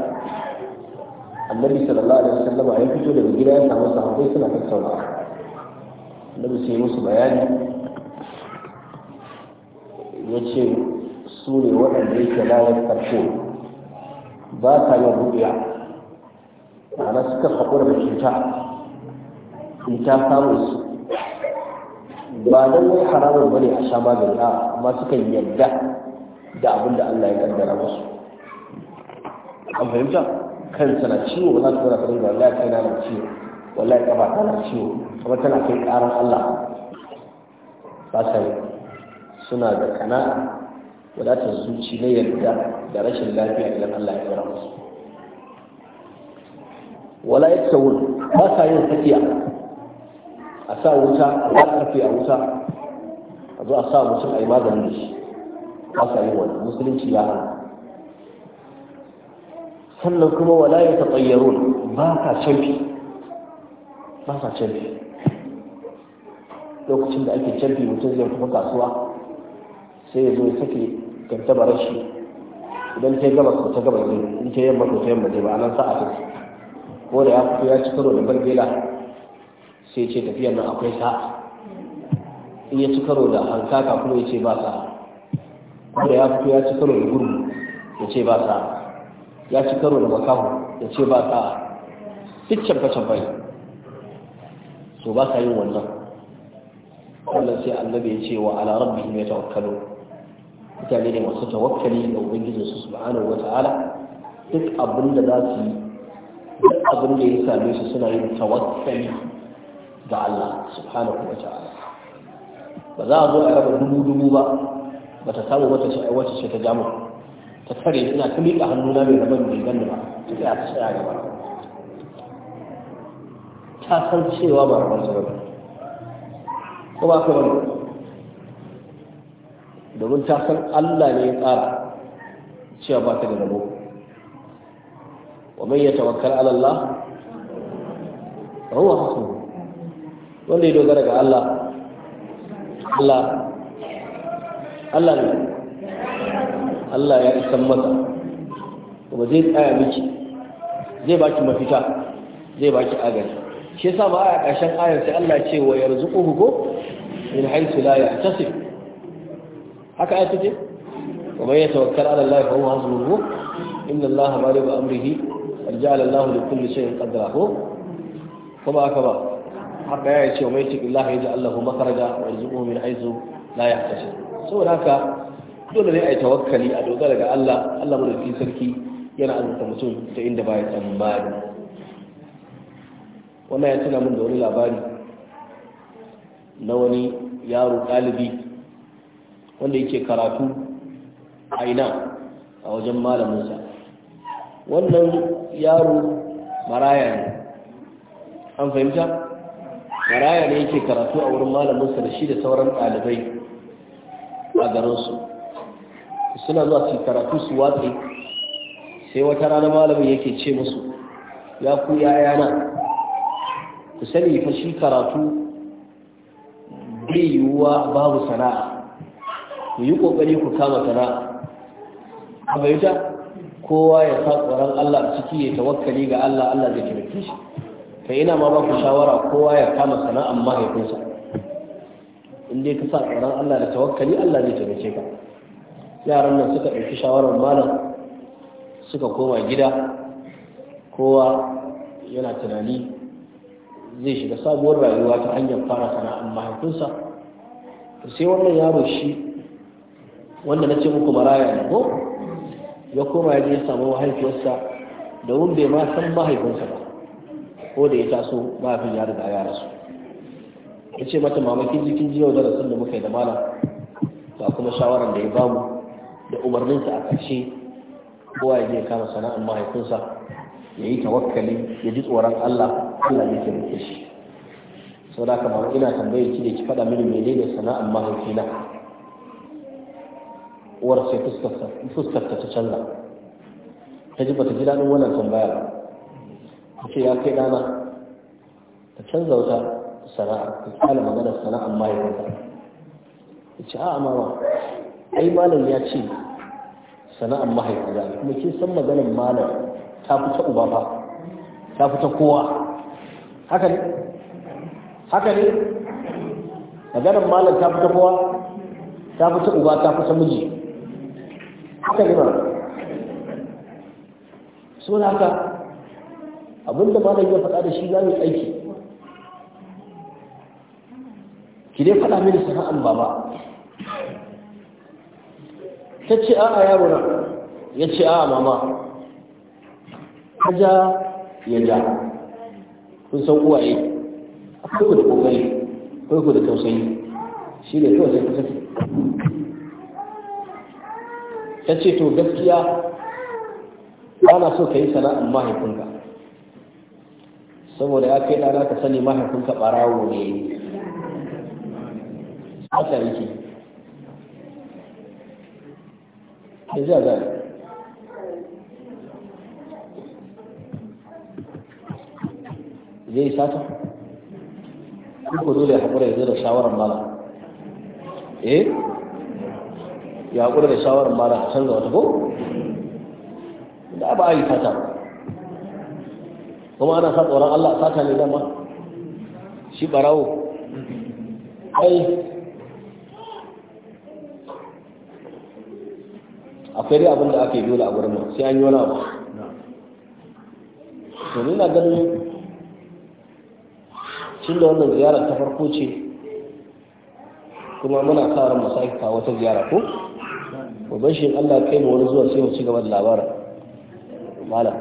annabi sallallahu alaihi wasallama ya fito daga gida ya samu sahabbai suna tattauna annabi sai musu bayani ya ce su ne waɗanda yake layar karfe ba ta yin rubiya ma'ana suka haƙura da cuta in ta samu su ba da wai haramun bane a sha magani a amma suka yadda da abin da Allah ya kaddara musu an fahimta kansa na ciwo ba za ta zara karin wallahi kai na ciwo wallahi kafa ta na ciwo kuma tana kai karan Allah ba sai suna da kana wadatar zuci na yadda da rashin lafiya idan Allah ya kaddara musu wala ya tsawon ba sa yin tafiya a sa wuta a tafi a wuta a zo a sa mutum a yi maganin da shi ba sa yi wani musulunci ya hana sannan kuma wala ya tsayyaro ba sa canfi ba sa canfi lokacin da ake canfi mutum zai kuma kasuwa sai ya zo ya sake gantabarar shi idan ta gabas ko ta gabas ne in ta yamma ko ta yamma ne ba a nan sa'a ta ko da ya fito ya ci karo da barbela sai ce tafiyar nan akwai sa'a in ya ci karo da hankaka kuma ya ce ba sa. ko da ya fito ya ci karo da gurgu ya ce ba sa. ya ci karo da makahu ya ce ba sa. duk canfa-canfa ne to ba sa yin wannan wannan sai annabi ya ce wa ala ya tawakkalo mutane ne masu tawakkali da ubangijinsu subhanahu wata'ala duk abin da za su yi duk abin da ya same su suna yin tawakkali ga Allah subhanahu wa ta'ala ba za a zo a raba dubu dubu ba ba ta samu wata ce wata shi ta jamu ta tare ina ta miƙa hannuna mai zaman mai ganni ba ta tsaya ta tsaya gaba ta san cewa ba rabar ta ko ba ka bane domin ta san Allah ne ya tsara cewa ba ta da rabo ومن يتوكل على الله فهو حسبه wanda ya dogara ga Allah Allah Allah ne Allah ya isan masa kuma zai tsaya miki zai baki mafita zai baki agaji shi yasa ba a ƙarshen ayar sai Allah ce wa yarzuquhu ko min haythu la yahtasib haka ayat ce wa man yatawakkal ala Allah fa huwa hasbuhu inna Allah baligu amrihi ja'ala Allahu da kulli shay'in qadra ko ba aka ba haka ya ce mai cikin Allah ya ji Allahu makaraja wa min aizu la yahtasib saboda haka dole ne a yi tawakkali a dogara ga Allah Allah mu da sarki yana azurta mutum ta inda ba ya tsammani wannan ya tuna min da wani labari na wani yaro ɗalibi wanda yake karatu a ina a wajen malaminsa wannan yaro maraya ne an fahimta maraya ne yake karatu a wurin malaminsa da shi da sauran ɗalibai a garinsu suna zuwa su karatu su watsi sai wata rana malamin yake ce musu ya ku yayana ku sani fa shi karatu bai yiwuwa babu sana'a ku yi ƙoƙari ku kama sana'a a ta. kowa ya sa tsoron Allah a ciki ya tawakkali ga Allah Allah zai taimake shi ta ina ma ba ku shawara kowa ya kama sana'an mahaifinsa in dai ka sa tsoron Allah da tawakkali Allah zai taimake ka yaran nan suka ɗauki shawarar malam suka koma gida kowa yana tunani zai shiga sabuwar rayuwa ta hanyar fara sana'an mahaifinsa sai wannan yaro shi wanda na ce muku maraya ne ko ya koma ya je ya samu mahaifiyarsa domin bai ma san mahaifinsa ba ko da ya taso mahaifin ya riga ya rasu ya ce mata mamakin jikin jiya da rasun da muka yi da malam ga kuma shawarar da ya bamu da umarninsa a ƙarshe kowa ya je kama sana'ar mahaifinsa ya yi tawakkali ya ji tsoron Allah Allah ya taimake shi sau da kamar ina tambayar ki da ki faɗa mini menene sana'ar mahaifina uwar sai fuskarta ta canza ta ji bata ji daɗin wannan tambaya ta ce ya kai dana ta canza wata sana'a ta kala magana sana'an mahaifinta ta ce amma ba ai malam ya ce sana'an mahaifi za kuma kin san maganin malam ta fita uba fa ta fita kowa haka ne haka ne maganin malam ta fita kowa ta fita uba ta fita miji haka ne ba so da haka abinda malam ya faɗa da shi za mu aiki ki dai faɗa mini sana'an baba ta ce a'a yaro na ya ce a mama ta ja ya ja kun san uwaye akwai ku da ƙoƙari akwai ku da tausayi shi ne kawai sai ku sake ta ce to gaskiya ba so ka yi sana'ar mahaifinka saboda ya kai ɗana ka sani mahaifinka ɓarawo ne haka yake da za za zai sata ko dole haƙura ya zo da shawarar mala eh ya haƙura da shawarar mara a canza wata ko da ba a yi fata kuma ana sa tsoron Allah fata ne dama shi barawo ai akwai dai abinda ake aka yi dole a gurin sai an yi wani abu to na ganin cin da wannan ziyarar ta farko ce kuma muna sa ran mu sake kawo wata ziyara ko to shi Allah kai mu wani zuwa sai mu ci gaba da labarin malam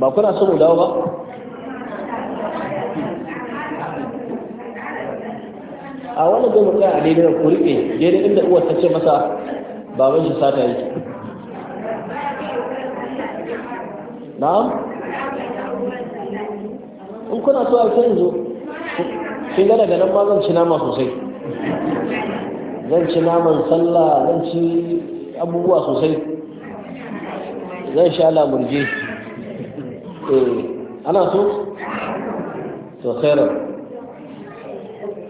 ba kuna so mu dawo ba a wani zai kai a daidai ku riƙe daidai inda uwar ta ce masa baban shi sata yake na'am in kuna so a zo kin ga daga nan ma zan nama sosai zan ci naman sallah zan ci abubuwa sosai zan sha lamurje eh, ana so to khairar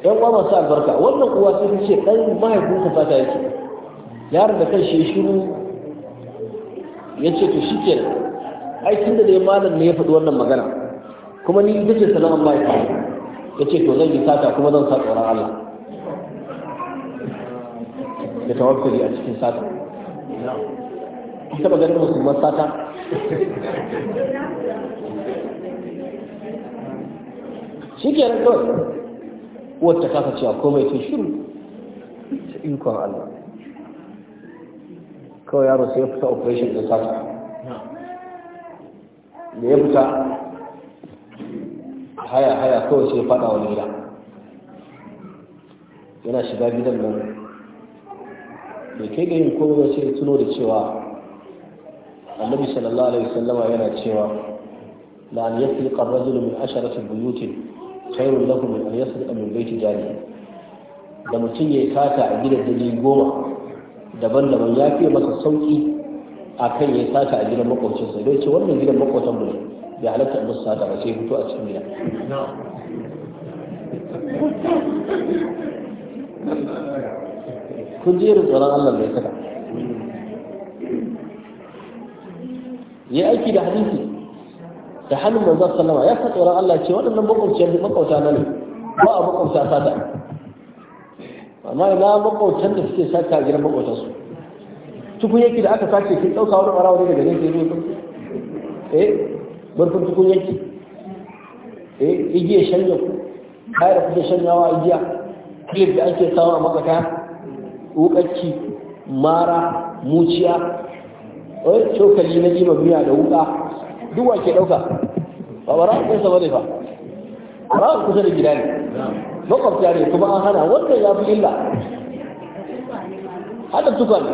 yan uwa masu albarka wannan kuwa sai ta ce ɗan mahaifinsa fata yake yaron da kan shi shiru ya ce to shi ke aikin da dai malam ne ya faɗi wannan magana kuma ni ita ce sana'ar mahaifi ya ce to zan yi sata kuma zan sa tsoron Allah da tawakkuli a cikin sata taba ganin musulman sata shi ke nan kawai uwar ta kasa cewa komai ta shiru ta ikon Allah kawai yaro sai ya fita operation da sata da ya fita haya haya kawai sai ya fada wani gida yana shiga gidan nan da kai ga yin komai ba sai tuno da cewa annabi sallallahu alaihi sallama, yana cewa la an yasriqa qarrajul min asharati buyutin khairun lahu min an yasriqa min baiti jari da mutum ya sata a gidan dani goma daban-daban ya fiye masa sauki a kan ya sata a gidan makwabcinsa don ce wannan gidan makwabtan mu ne bai halatta a musu sata ba sai fito a cikin gida kun ji irin tsoron Allah mai kada ya aiki da hadisi da hannun manzon sallama ya sa tsoron Allah ce waɗannan makwabciyar makwabta na ne ba a makwabta fata amma ina makwabtan da suke sata a gidan makwabta su tukun yake da aka sace kin ɗauka wani ɓarawa ne daga nesa ya zo eh barkun tukun yake eh igiya shanya ku kayar kuke shanyawa igiya clip da ake sawa a matsaka wukarki mara muciya wani eh, cokali na jima miya da wuka duk wa ke ɗauka ba ba ra'a kusa bane ba ra'a kusa da gida ne makwabta ne kuma an hana wannan ya fi illa hada tukwane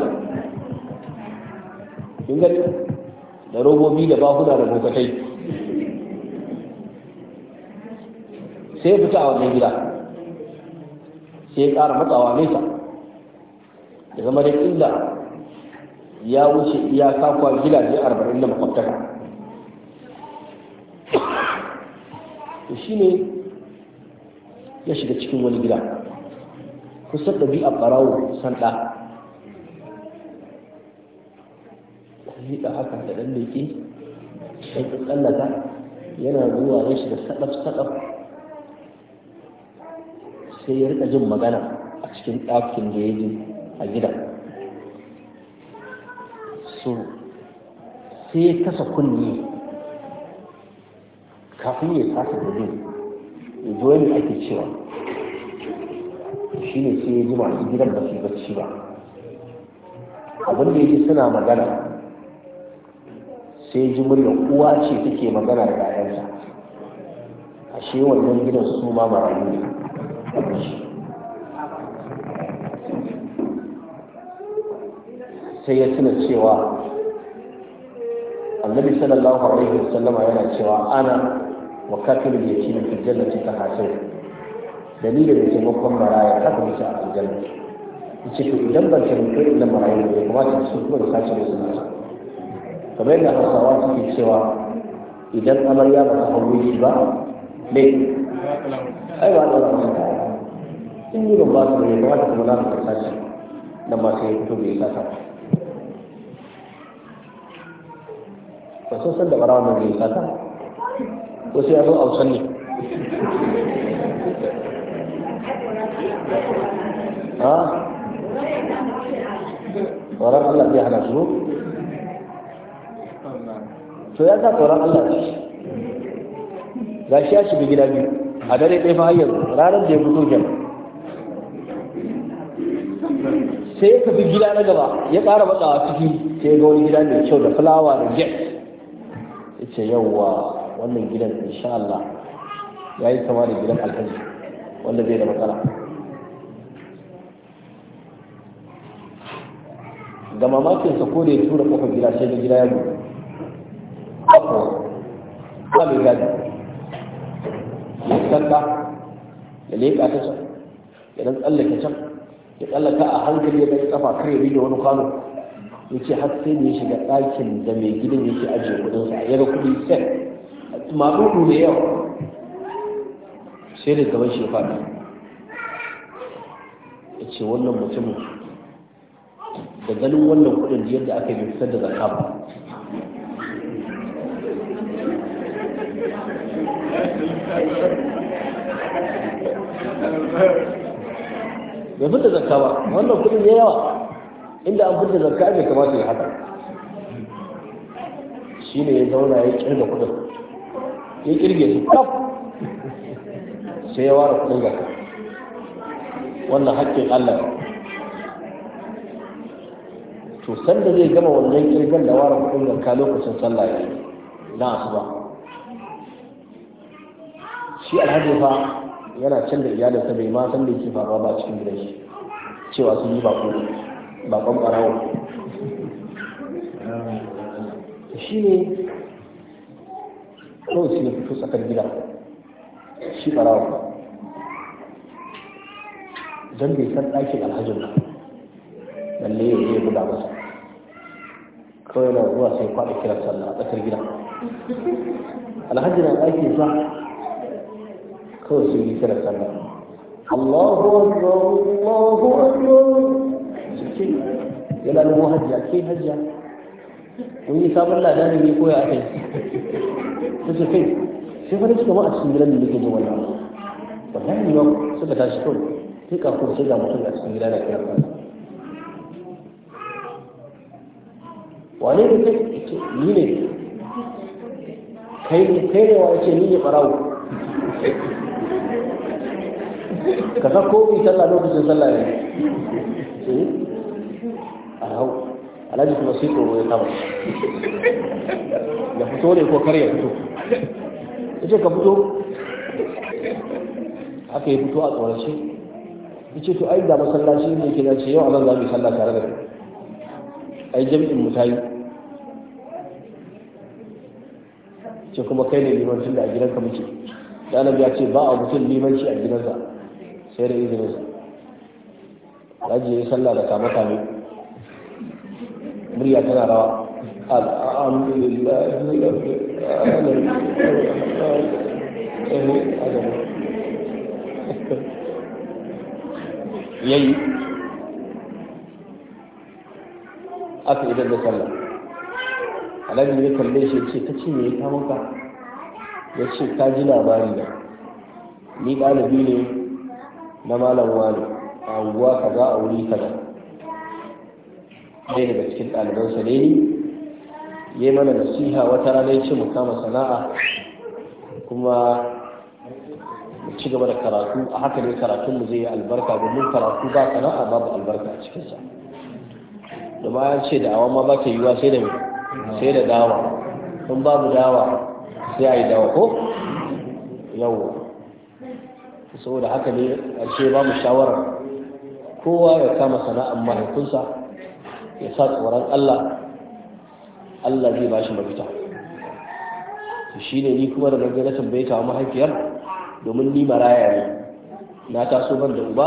kin da robobi da bakuna da bokatai sai fita a wajen gida sai ya ƙara matsawa nesa ya zama da illa ya wuce iyaka kwa gidaje arba'in da makwabtaka to shi ne ya shiga cikin wani gida kusa a barawo sanda yi da haka da ɗan leƙe ɗan tsallaka yana zuwa ya shiga saɗaf-saɗaf sai ya riƙa jin magana a cikin ɗakin da ya ji a gida so sai ya kasa kunni kafin ya kasa kunni ya zo yadda ake cewa shi ne sai ya ji masu gidan ba su ba abin ya ji suna magana sai ya ji murya uwa ce take magana da 'ya'yansa ashe wannan gidan su ma marayu ne sai ya tuna cewa annabi sallallahu alaihi wasallam yana cewa ana wa kafirul yatim fi jannati ta hasir dalilin da makon maraya haka bisa a aljanna yace to idan ban taimako inda marayu ne kuma ta su kuma sace suna nasa kamar yadda hausawa suke cewa idan amarya ba ta hango shi ba ne ai ba ta ba ta in yi ba su ne kuma ta kuma na ta sace da ba su ya fito bai sata ba ba sun san da barawa mai rai sata ko sai ya zo a ne ha tsoron Allah zai hana su to ya ta tsoron Allah ce ga shi ya shiga gida biyu a dare ɗaya fa hanyar ranar da ya fito kenan sai ya tafi gida na gaba ya ƙara matsawa ciki sai ya ga wani gida mai kyau da fulawa da jet yace yawwa wannan gidan insha Allah yi kama da gidan alhaji wanda zai da matsala ga mamakinsa ko da ya tura kofar gida sai da gida ya gudu akwai ba mai gadi ya sanda ya leƙa ta can ya dan tsallake can ya tsallaka a hankali ya dan kafa kare da wani kwano yace har sai ne shiga ɗakin da mai gidan yake ajiye kudin sa ya ga kudi sai mabudu ne yau sai da gaban shi Ya ce wannan mutumin da ganin wannan kudin yadda aka yi fitar da zakka ba ya fitar da zakka ba wannan kudin ya yawa inda an fita zakka bai kamata ya haka shi ne ya zauna ya kirga kudin ya kirge su kaf sai ya ware kudin gaka, wannan haƙƙin Allah to sanda zai gama wannan kirgan da ware kudin gaka lokacin sallah ya na asuba shi alhaji fa yana can da iyalinsa bai ma san da yake faruwa ba cikin gidan shi cewa sun yi ba kudin baban barawo shi ne kawai shi ne fito tsakar gida shi barawo don bai san ɗakin alhajin ba lalle ya je guda masa kawai na zuwa sai kwaɗa kira sallah a tsakar gida alhaji na ɗakin zuwa kawai sun yi kira sallah Allahu Akbar Allahu Akbar ce ke ya lalubo hajiya ke hajiya kun yi sabon lada ne ko ya aka yi ta ce kai sai fara suka ma a cikin gidan da nake jin wannan wallahi ne suka tashi kawai sai kafin sai ga mutum a cikin gidan da kai wane ne kai ni ne kai ne kai ne wa ce ni ne barawo ka sa ko bi sallah lokacin sallah ne hau alhaji kuma sai tsoro ya kama ya fito ne ko kar ya fito ya ce ka fito aka yi fito a tsorace ya ce to ai da masallaci ne ke dace yau a zan za mu yi sallah tare da ai jami'in mu ta yi ce kuma kai ne limancin da a gidanka muke ɗalib ya ce ba a mutum limanci a gidansa sai da izininsa ya yi sallah da kame-kame murya tana rawa alhamdulillah yayi aka idan da sallah alhaji ya kalle shi ce ta ce me ya kama ka ya ce ka ji labari da ni ɗalibi ne na malam wani a unguwa ka kaza a wuri kaza ɗaya daga cikin ɗalibansa ne ya ya mana nasiha wata rana ya ce mu kama sana'a kuma mu ci gaba da karatu a haka ne karatun mu zai yi albarka domin karatu ba sana'a babu albarka a cikinsa da ma ce da awa ma ba ta yiwa sai da sai da dawa in babu dawa sai a yi dawa ko yau saboda haka ne a ce ba mu shawarar kowa ya kama sana'ar mahaifinsa ya sa tsoron Allah Allah zai ba shi mafita shi ne ni kuma da gaggawa tambaye ta mahaifiyar domin ni maraya ne na taso ban da uba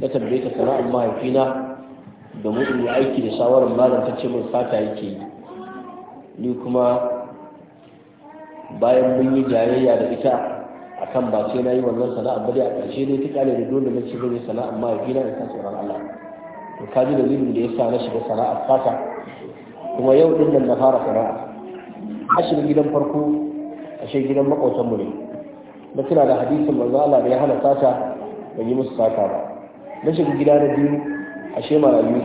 na tambaye ta sana'ar mahaifina domin in yi aiki da shawarar malam ta ce min fata yake yi ni kuma bayan mun yi jayayya da ita a kan ba ce na yi wannan sana'a ba a ƙarshe dai ta kale da dole na ci gani sana'ar mahaifina da ta tsoron Allah ka ji dalilin da ya sa na shiga sana'a fata kuma yau din nan na fara sana'a a shiga gidan farko a shi gidan makwautan mu ne na tuna da hadisin manzo Allah da ya hana sata, ban yi musu sata ba na shiga gida na biyu a shi marayu ne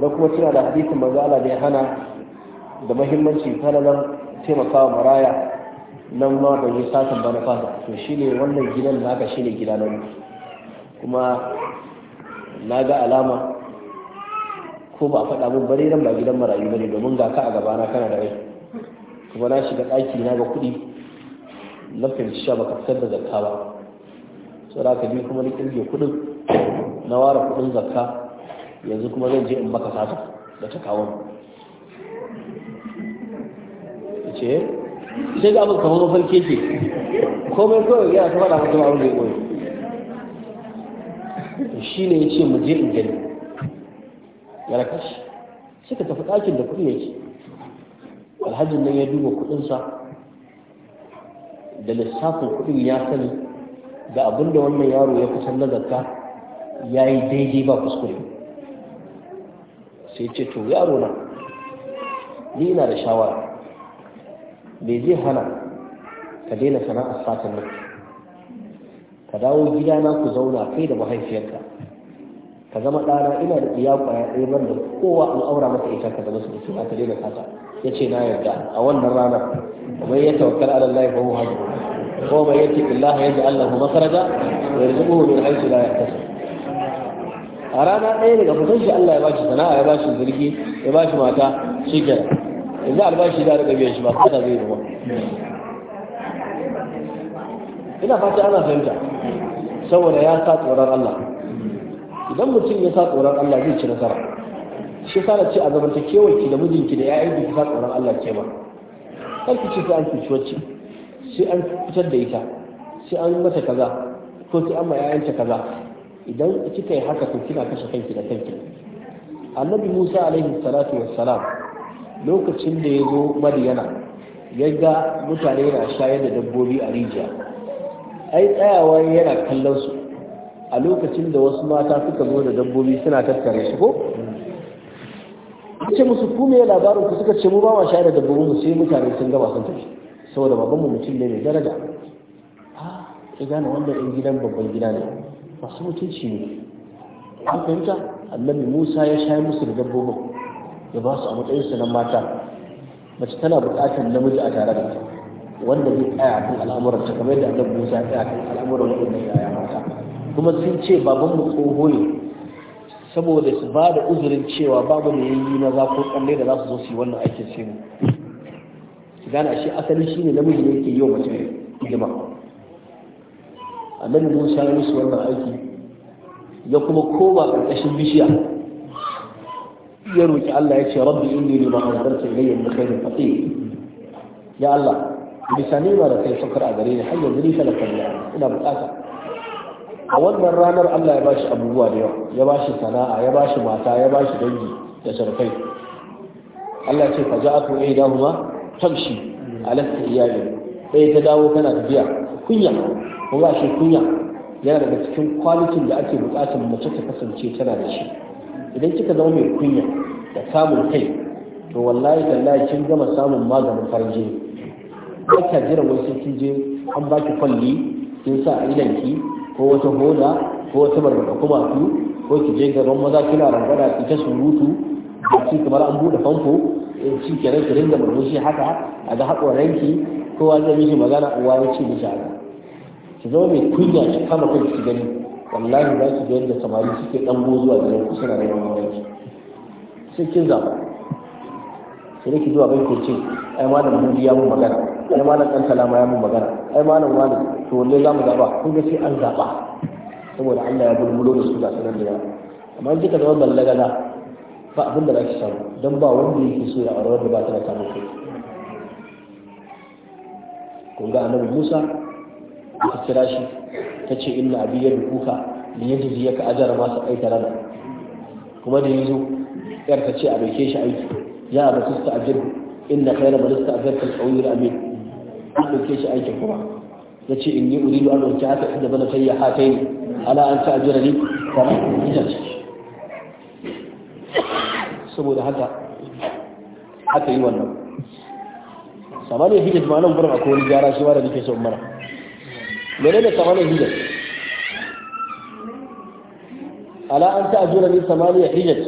na kuma tuna da hadisin manzo Allah da ya hana da muhimmanci falalan taimakawa maraya nan ma da yi satan ba na fata to shine wannan gidan naka shine gida na kuma na ga alama ko ba a faɗa min bare nan ba gidan marayu bane domin ga ka a gabana kana da rai kuma na shiga ɗaki na ga kuɗi na fahimci sha baka fitar da zakka ba saboda ka bi kuma na kirge kuɗin na ware kuɗin zakka yanzu kuma zan je in maka sata da ta kawo ce eh? sai ga abin kamar mafarki ce komai kawai yana ta faɗa mutum abin da ya koyi shi ne ya ce mu je in gani ya raka shi suka tafi ɗakin da kuɗi yake alhajin nan ya duba kuɗinsa da lissafin kuɗin ya sani da abin da wannan yaro ya kusan nazarta ya yi daidai ba kuskure sai ce to yaro na ni ina da shawara me zai hana ka daina sana'ar satan nan ka dawo gidana ku zauna kai da mahaifiyarka ka zama ɗana ina da iya ƙwaya ɗaya ban da kowa an aura masa ita ka zama su da ta daina kasa ya ce na yarda a wannan ranar kuma ya tawakkal ala Allah fa huwa hadu ko mai yake billahi yadda Allah kuma makaraja wa yarzuquhu min haythu la yahtasib a rana ɗaya daga fitan shi Allah ya bashi sana'a ya bashi zirgi ya bashi mata shi kenan yanzu albashi da riga biyan shi ba kada zai yi ba ina fata ana fahimta saboda ya sa tsoron Allah idan mutum ya sa tsoron Allah zai ci nasara shi sa da ce a zamantakewarki da mijinki da ya'yan ki sa tsoron Allah ke ba kar ki ce sai an cuci wacce sai an fitar da ita sai an mata kaza ko sai an ma ya'yanta kaza idan kika yi haka to kina kashe kanki da kanki annabi Musa alaihi salatu wassalam lokacin da ya zo Madiyana ya ga mutane na shayar da dabbobi a rijiya ai tsayawa yana kallon su a lokacin da wasu mata suka zo da dabbobi suna tattare su ko ce musu kuma ya labarin ku suka ce mu ba ma shayar da dabbobin mu sai mutane sun gaba sun tafi saboda baban mu mutum ne mai daraja A ah, ya gane wannan ɗan gidan babban gida ne masu mutunci ne an fahimta annabi musa ya shayar musu da dabbobin ya ba su a matsayin su na mata mace tana buƙatar namiji a tare da ita wanda zai tsaya kan al'amuran ta kamar yadda annabi musa ya tsaya kan al'amuran yi a mata kuma sun ce baban mu tsoho ne saboda su ba da uzurin cewa babu da yayi na za ko tsalle da za su zo su yi wannan aikin sai mu gane shi asali shine namiji ne yake yi wa mace hidima annabi Musa ya musu wannan aiki ya kuma koma karkashin bishiya ya roki Allah ya ce rabbi inni lima anzalta ilayya min khairin faqir ya Allah bisa nima da kai shukar a gare ni har yanzu ni talaka ina buƙata. a wannan ranar Allah ya ba shi abubuwa da yawa ya ba shi sana'a ya ba shi mata ya ba shi dangi da sarfai Allah ce fa ja'atu aydahuma tamshi ala iyali sai ta dawo kana tafiya kunya ko ba shi kunya yana daga cikin kwalitin da ake bukatar mace ta kasance tana da shi idan kika zama mai kunya da samun kai to wallahi tallahi kin gama samun maganin farin jini ba ka jira wasu kin je an baki kwalli kin sa a idanki ko wata hoda ko wata barbaɗa kuma ku ko ki je gaban maza kina rangada ki ta surutu da ki kamar an buɗe famfo in eh, ci kenan ki ringa murmushi haka a ga ko kowa zai miki magana uwa ya ce miki haka ki zama mai kunya ki kama kai ki gani wallahi za ki ga yadda samari suke ɗan zuwa gidan ku suna rayuwar mamanki sai kin zaɓa sai ki zuwa bai kurce ai malam ya biya mun magana ai malam dan salama ya mun magana ai malam wani to ne za zaba kun ga sai an zaba saboda Allah ya bulbulo da su da sanar da ya amma in kika zama ballagana ba abin da za ki samu don ba wanda yake so ya aure wanda ba ta da samun kai kun ga annabi Musa ta kira shi ta ce inna abi ya dukuka yadda yajzi yaka ajara masu aita rana kuma da yanzu, yar ta ce a ke shi aiki ya ba su ta ajir inna khayra balista ajir ta qawiyyul amin an ɗauke shi aikin kuma ya ce in yi uridu an ɗauke haka inda bana kai ya haka yi ala an ta ajira ne kama ita ce saboda haka haka yi wannan samaniya hijab ma nan gurin akwai wani gyara shi ma da nake son mara mene ne samaniyar hijab ala an ta ajira ne samaniyar hijab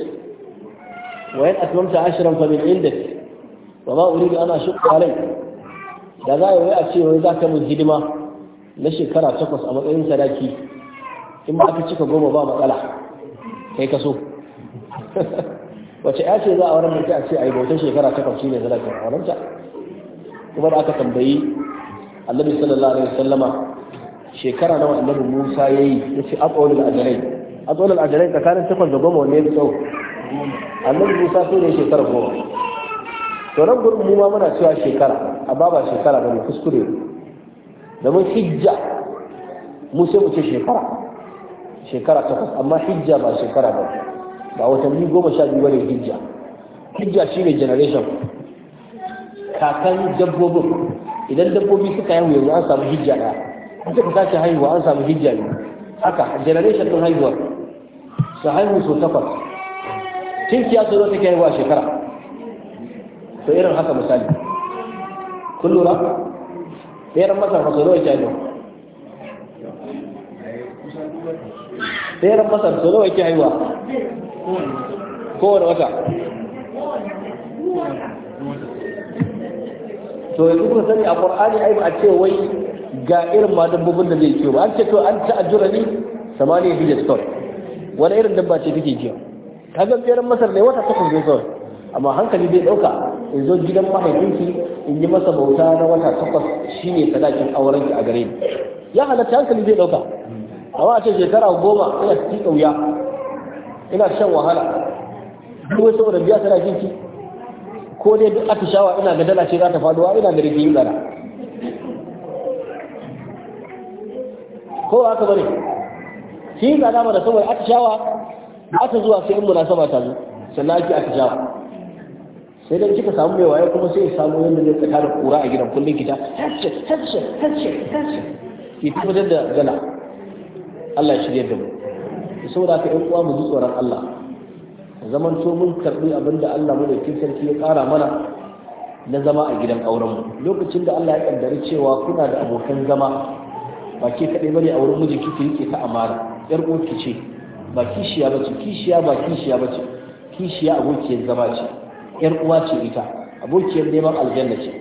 وإن أتممت عشرا فمن عندك وما أريد ana أشق عليك da za a yi a ce wani za ka mu hidima na shekara takwas a matsayin sadaki in ba aka cika goma ba matsala kai ka so wace ya ce za a wurin mutu a ce a yi bautar shekara takwas shi ne a aurenta kuma da aka tambayi annabi sallallahu alaihi wasallama shekara nawa annabi musa ya yi ya ce aƙolul a tsohon ajarai tsakanin takwas da goma wanne ya fi tsawo annabi musa sai ne shekara goma to nan gurin mu ma muna cewa shekara amma ba shekara bane kuskure domin hijja mu sai mu ce shekara shekara takwas amma hijja ba shekara ba ba watanni goma sha biyu bane hijja hijja shi ne generation kakan dabbobin idan dabbobi suka yi yanzu an samu hijja ɗaya in suka tashi haihuwa an samu hijja ne. haka generation ɗin haihuwar su haihu sau takwas tinkiya su zo take haihuwa shekara to irin haka misali kun lura tseren masar masu nawa yake haihuwa tseren masar su nawa ake haihuwa kowane wata to yi kuka sani a ƙwar'ani ai a ce wai ga irin ma dabbobin da zai ke ba an ce to an jura ne samaniya da stone wani irin dabba ce take Ta kaga tseren masar ne wata takwas ne kawai amma hankali bai dauka in zo gidan mahaifinki in yi masa bauta na wata takwas shi ne sadakin aurenki a gare ni ya halatta hankali zai dauka amma a ce shekara goma ina cikin ɗauya, ina shan wahala duk wai saboda biya sadakin ki ko dai duk atishawa ina ga dala ce za ta faduwa ina da rike dala ko haka bane shi tsada mana saboda atishawa ba ta zuwa sai in munasaba ta zo sannan ake atishawa sai dan kika samu mai waye kuma sai ya samu yanda zai tsaka da kura a gidan kullun kita hacce hacce hacce hacce ki tabbatar da gala Allah ya shirye da mu saboda ka ƴan uwa mu ji tsoron Allah zaman to mun karbi abinda Allah mu da sarki ya ƙara mana na zama a gidan auren mu lokacin da Allah ya kaddari cewa kuna da abokan zama ba ke kaɗai bane a wurin mijinki ki rike ta amara ƴar ki ce ba kishiya bace kishiya ba kishiya bace kishiya abokiyar zama ce yar uwa ce ita abokiyar neman aljanna ce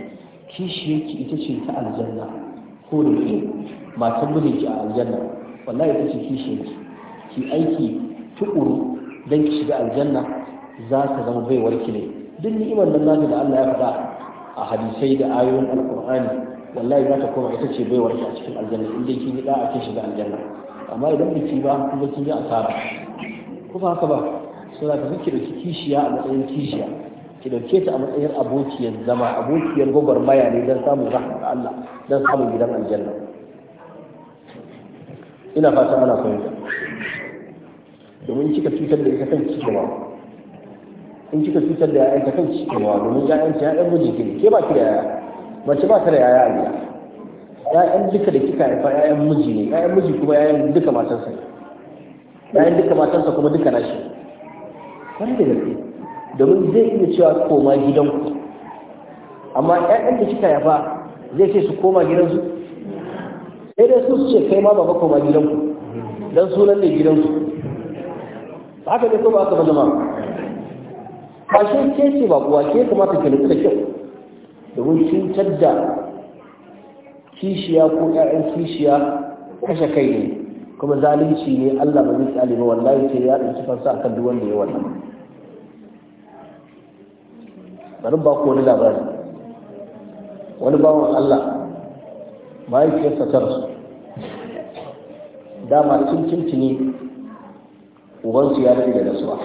kishi ki ita ce ta aljanna ko da ke matan mijinki a aljanna wallahi ita ce kishi yake ki aiki tukuru don ki shiga aljanna za ka zama baiwar ki ne duk ni'imar nan da Allah ya faɗa a hadisai da ayoyin alƙur'ani wallahi za ta koma ita ce baiwar ki a cikin aljanna in dai kin yi da'a kin shiga aljanna amma idan ba ki ba kuma kin yi asara ko ba haka ba sai ka kike da kishiya a matsayin kishiya ki dauke ta a matsayin abokiyar zama abokiyar maya ne don samun da Allah don samun gidan aljanna ina fata ana fahimta domin kika cutar da ita kan cikewa in kika cutar da ya'yan kan cikewa domin ya'yan ta ya'yan miji ne ke ba ki da yaya mace ba ta da yaya a gida ya'yan duka da kika haifa ya'yan miji ne ya'yan miji kuma ya'yan duka matansa, ya'yan duka matansa kuma duka nashi da gaske domin zai iya cewa koma gidanku amma ƴaƴan da suka yafa zai ce su koma gidansu sai dai su ce kai ma ba koma gidanku dan sunan ne gidansu haka ne ko ba ka ba zama ba shi ke ce ba kuwa ke kamata ta kalli da kyau domin cutar da kishiya ko ƴaƴan kishiya kashe kai ne kuma zalunci ne Allah ba zai tsale ba wallahi sai ya ɗauki fansa akan duk wanda ya wannan bari ba ku wani labari wani bawan Allah mahaifiyarsa ta rasu dama cin cincini ubansu ya rage da ba.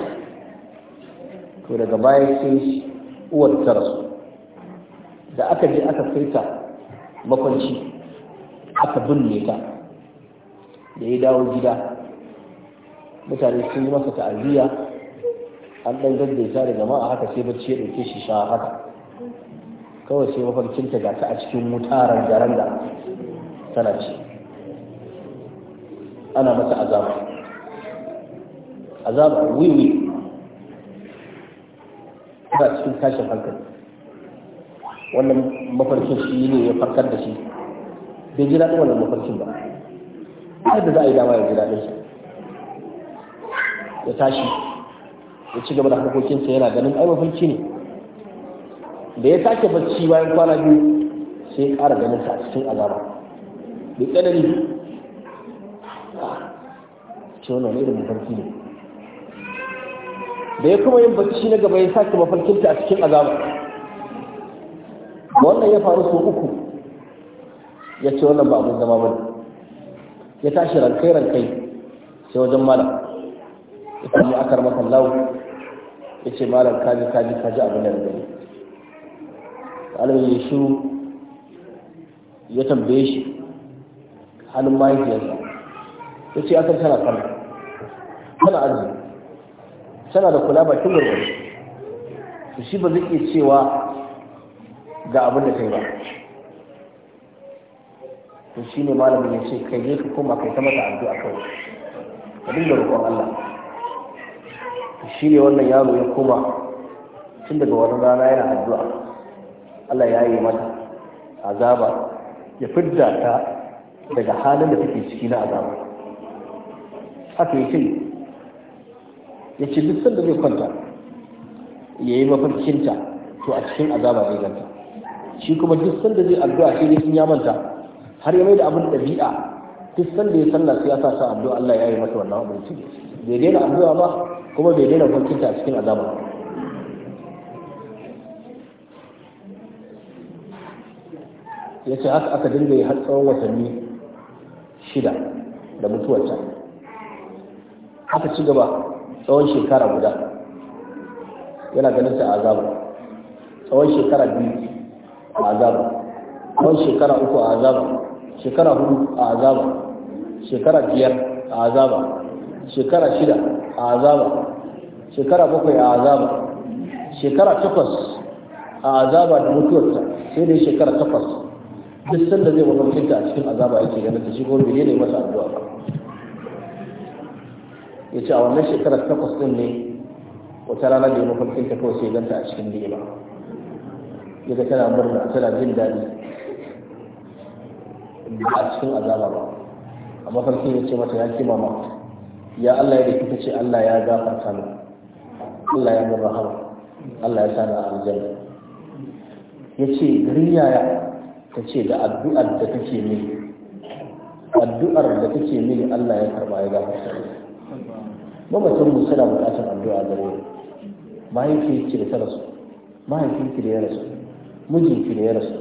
to daga baya sai uwar ta rasu da aka je aka fita ta aka binne ta da ya dawo gida mutane sun yi masa ta'aziyya an ɗan gaggaita da jama'a haka sai bacci ya ɗauke shi sha haka kawai sai mafarkin ta gata a cikin mutaran garan da tana ce ana mata azaba azaba wiwi ta cikin tashin hankali wannan mafarkin shi ne ya farkar da shi bai ji ɗin wannan mafarkin ba har da za a yi dama ya ji ɗin shi ya tashi ya ci gaba da harkokinsa yana ganin ai mafarki ne da ya sake bacci bayan kwana biyu sai ya ƙara ganin sa a cikin azaba bai tsanani ah, ce wani irin mafarki ne da ya kuma yin bacci na gaba ya sake mafarkinta a cikin azaba wannan ya faru sau uku ya ce wannan ba abin zama ba ya tashi rankai rankai sai wajen malam ya samu akar masa lau ya ce malam kaji kaji kaji abin da gani ɗalibin ya shiru ya tambaye shi halin mahaifiyarsa ya ce akan tana kan tana arzi tana da kula bakin gwargwaro to shi ba zai iya cewa ga abin da kai ba to shi ne malamin ya ce kai ne ka koma kai ta mata addu'a kawai ka dinga roƙon Allah shi ne wannan yaro ya koma tun daga wani rana yana addu'a Allah ya yi mata azaba ya fidda ta daga halin da take ciki na azaba haka ya ce ya ce duk sanda zai kwanta ya yi mafarkinta to a cikin azaba zai ganta shi kuma duk sanda zai addu'a shi ne sun ya manta har ya mai da abin ɗabi'a duk sanda ya sallah sai ya sa sa addu'a Allah ya yi masa wannan abin ciki bai daina addu'a ba kuma bai daina hukunta a cikin azaba ya ce haka aka dinga yi har tsawon watanni shida da mutuwarta aka ci gaba tsawon shekara guda yana ganin ta azaba tsawon shekara biyu a azaba tsawon shekara uku a azaba shekara hudu a azaba shekara biyar a azaba shekara shida a azaba shekara bakwai a azaba shekara takwas a azaba da mutuwarta sai dai shekara takwas duk sanda zai mafarkinta a cikin azaba yake ganin ta shi ko bai ne masa addu'a ba ya ce a wannan shekarar takwas ɗin ne wata rana da ya mafarkinta kawai sai ganta a cikin ba ya ga tana murna tana jin daɗi ba a cikin azaba ba a mafarkin ya ce mata ya kima mata ya Allah ya rikita ce Allah ya gafarta mu Allah ya mun rahama Allah ya sa na aljanna yace gari yaya tace da addu'ar da kake mini addu'ar da kake mini Allah ya karba ya gafarta mu mamacin mu suna bukatar addu'a gare mu mahaifi ki da ta rasu mahaifin ki da ya rasu mijin ki da ya rasu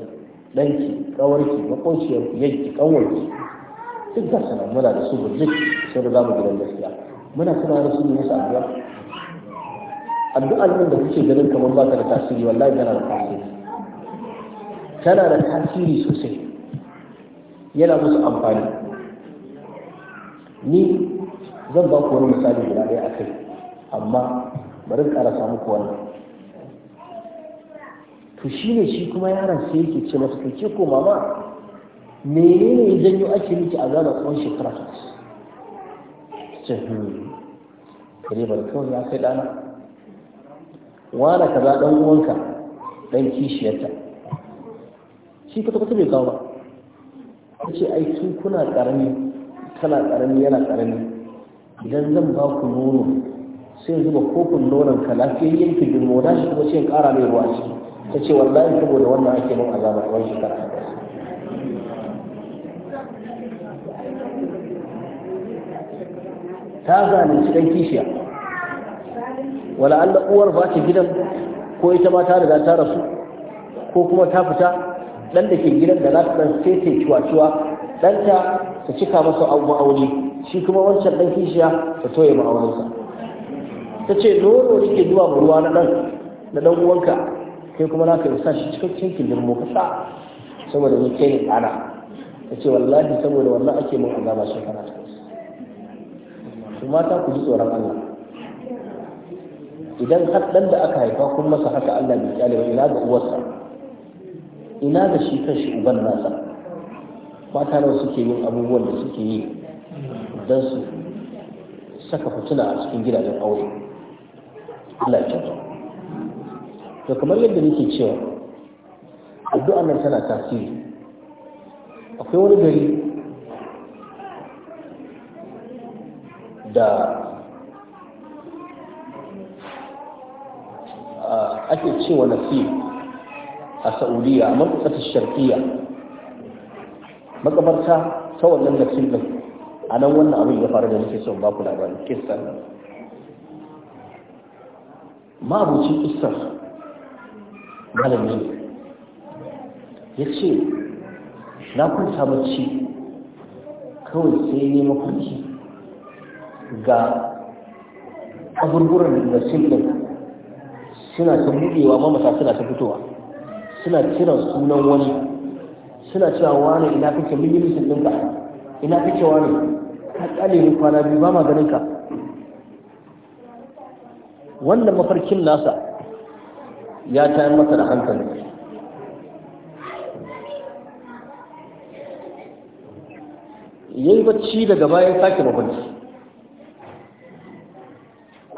danki kawarki makociyar yanki kawarki duk da sanan muna da su burjik sun riga mu gidan gaskiya muna kula da su ne addu'a addu'ar nan da kuke ganin kamar ba ta da tasiri wallahi tana da tasiri tana da tasiri sosai yana musu amfani ni zan ba ku wani misali guda ɗaya a kai amma bari ƙara samu ku wannan to shi ne shi kuma yaron sai yake ce masa to ke ko mama menene ya janyo ake miki a gane tsawon shekara takwas ce hmm, ribar kawai ya kai dana wala ka za ɗan uwanka ɗan kishiyarta shi ka tabbata bai kawo ba ta ce ai kuna ƙarami kana ƙarami yana ƙarami idan zan ba ku nono sai zuba kofin nonon ka lafiyayyen ki girmo da shi kuma ce in ƙara mai ruwa ta ce wallahi saboda wannan ake mun azaba tsawon shekara ta zalunci dan kishiya wala Allah uwar ba ta gidan ko ita ma ta riga ta rasu ko kuma ta fita dan da ke gidan da za ta dan sai ta ciwa-ciwa danta ta cika masa abu ma'auni shi kuma wancan dan kishiya ta toye ma'auninsa ta ce nono nake zuwa ma ruwa na dan na dan uwanka kai kuma na kai sa shi cikakken kindin mu kasa saboda ni kai ne ana ta ce wallahi saboda wannan ake mun azaba shekara su mata ku ji tsoron Allah idan har da aka haifa kun masa haka Allah bai kyale ba ina ga uwarsa ina ga shi shi uban nasa mata nawa suke yin abubuwan da suke yi don su saka fituna a cikin gidajen aure Allah ya to kamar yadda nake cewa addu'a nan tana tasiri akwai wani gari da ake cewa fi a saudiya a matsatsar sharfiya makabarta ta wannan fi ɗin a nan wannan abin ya faru da nake son baku labarin kistar nan mabucin malami ya ce na kwanta bacci kawai sai ne mafarki ga kaburburan da ɗin suna ta buɗewa mamata suna ta fitowa suna cire sunan wani suna cewa wani ina kake miliyoyin ɗinka ina kake wani ka ƙale ni kwana biyu ba ma ganin ka wannan mafarkin nasa ya tayar masa da hankali ya yi bacci daga bayan sake mafarki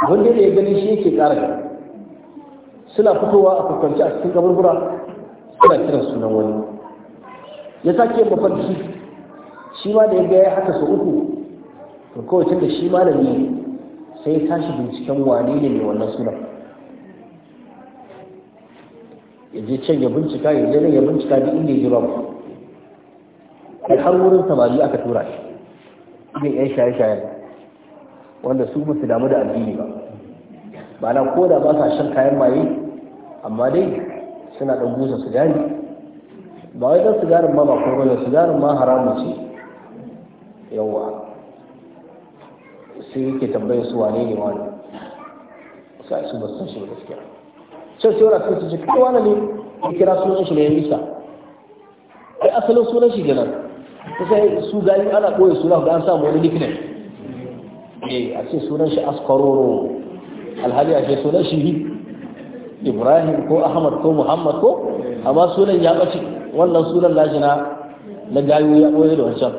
wanda da ya gani shi yake ƙara gani suna fitowa a kwakwanci a cikin kaburbura suna kiran sunan wani ya sake mafarki shi ma da ya gaya haka sau uku to kowace da shi malami sai ya tashi binciken wane ne mai wannan sunan ya je can ya bincika ya je ya bincika duk inda ya je babu har wurin samari aka tura shi ne yan shaye-shayen wanda su ba su damu da addini ba na ko da ba sa shan kayan maye amma dai suna ɗan busa sigari ba wai dan sigarin ma ba ko bane sigarin ma haramun ce yawa sai yake tambayar su wane ne wani sai su ba san shi gaskiya sai sai wani sun ce kai wani ne ya kira sunan shi ne ya nisa ai asalin sunan shi kenan sai su gani ana ɓoye suna ga an samu wani nickname eh a ce sunan shi askaroro alhali a ce sunan shi ibrahim ko ahmad ko muhammad ko amma sunan ya ɓace wannan sunan lashi na na gayo ya ɓoye da wancan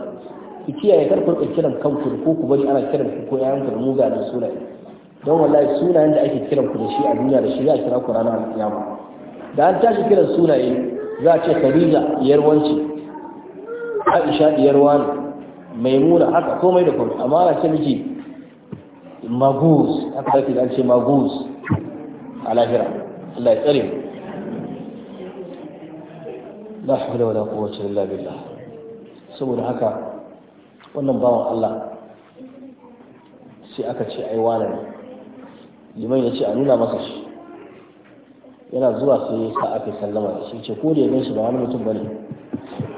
ku kiyaye kar ku kiran kanku da ku ku bari ana kiran ku ko yayan ku da mugayen sunaye don wallahi sunayen da ake kiran ku da shi a duniya da shi za a kira ku ranar alƙiyama da an tashi kiran sunaye za a ce khadija diyar wance aisha diyar wani maimuna haka komai da komai amma ana ce miki magus aka zaki da an ce magus a lahira Allah ya tsare la hawla wala quwwata illa billah saboda haka wannan bawan Allah sai aka ce ai wane ne liman ya ce a nuna masa shi yana zuwa sai ya sa aka sallama da shi ce ko da ya gan shi ba wani mutum bane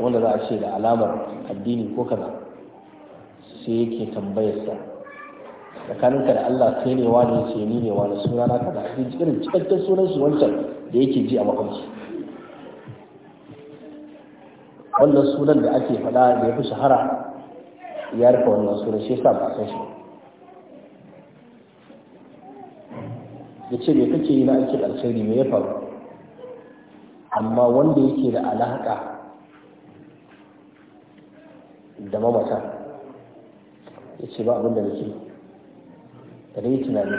wanda za a ce da alamar addini ko kaza sai yake tambayar sa. tsakaninka da Allah kai ne wani ce ni ne wani suna na kaza sai cikin cikakken sunan su wancan da yake ji a makwabci wannan sunan da ake faɗa da ya fi shahara ya rufe wannan sunan shi yasa ba san shi ya ce me kake yi na ake alkhairi me ya faru amma wanda yake da alaƙa da mamata ya ce ba abin da nake da dai tunani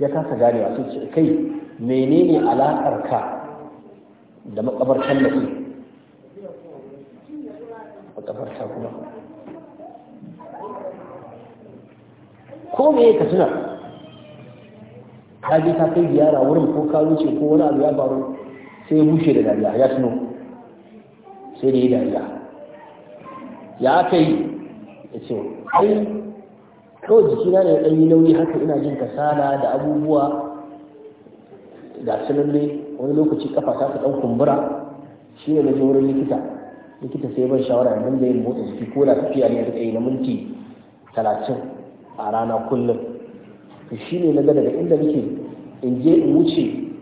ya kasa a sun ce kai menene alaƙar ka da makabartan da ke makabarta kuma ko me ka tuna ka je ka kai ziyara wurin ko ka wuce ko wani abu ya faru sai ya bushe da dariya ya tuno sai da ya dariya ya kai ya ce kawai jikina ne ɗan yi nauyi haka ina jin kasala da abubuwa ga su lalle wani lokaci kafa ta ɗan kumbura shi ne na jorin likita likita sai ban shawara nan da yin motsa jiki ko da tafiya ne da na minti talatin a rana kullum to shi ne na ga daga inda nake in je in wuce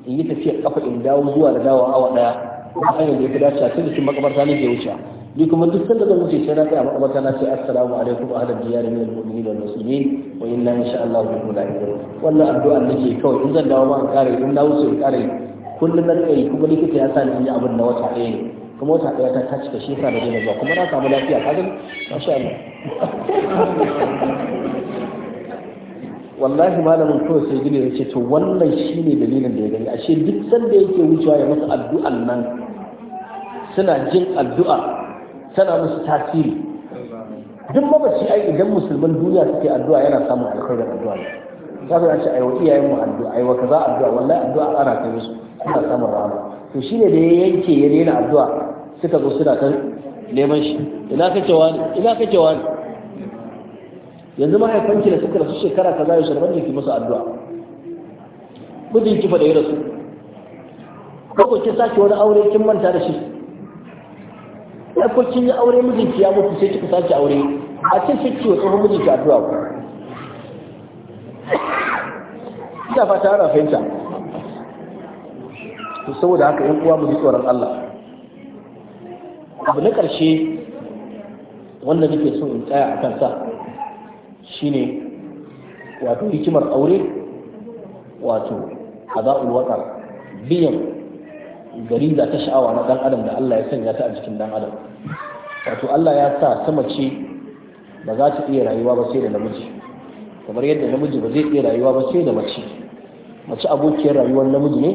in yi tafiya kafa in dawo zuwa da dawo awa ɗaya kuma hanyar da ya fi dace a cikin makabarta ne ke wuce ni kuma duk sanda zan wuce sai na kai amma wata na ce assalamu alaikum ahlan diyar min al-mu'minin wal muslimin wa inna insha Allah bi kulli wannan addu'a nake kawai in zan dawo ma an kare in na wuce kare kullum na kai kuma likita ya sa ni in yi abin na wata ɗaya ne kuma wata ɗaya ta ta cika shi da daina zuwa kuma na samu lafiya kaga masha Allah wallahi malamin kawai sai gini ya ce to wannan shine dalilin da ya gani ashe duk sanda yake wucewa ya masa addu'an nan suna jin addu'a tana musu tasiri duk mabaci ai idan musulman duniya suke addu'a yana samun alkhairin addu'a ne za su ce aiwa iyayen mu addu'a aiwa kaza addu'a wallahi addu'a ana kai musu suna samun rahama to shine da ya yanke ya daina addu'a suka zo suna kan neman shi ina kake wani ina kake wani yanzu mahaifanki da suka rasu shekara kaza ya shirman ki musu addu'a mijinki fa da ya rasu ko ki sake wani aure kin manta da shi ya ko yi aure mijinki ya mutu sai kika sake aure a ce sai kiwo tsohon mijinki zuwa ku ina fata ana fahimta to saboda haka yan uwa mu ji tsoron Allah abu na karshe wanda nake so in tsaya a kansa shine wato hikimar aure wato ada'ul waqar biyan gariza ta sha'awa na ɗan adam da Allah ya sanya ta a jikin dan adam wato Allah ya sa ta mace ba za ta iya rayuwa ba sai da namiji kamar yadda namiji ba zai iya rayuwa ba sai da mace mace abokiyar rayuwar namiji ne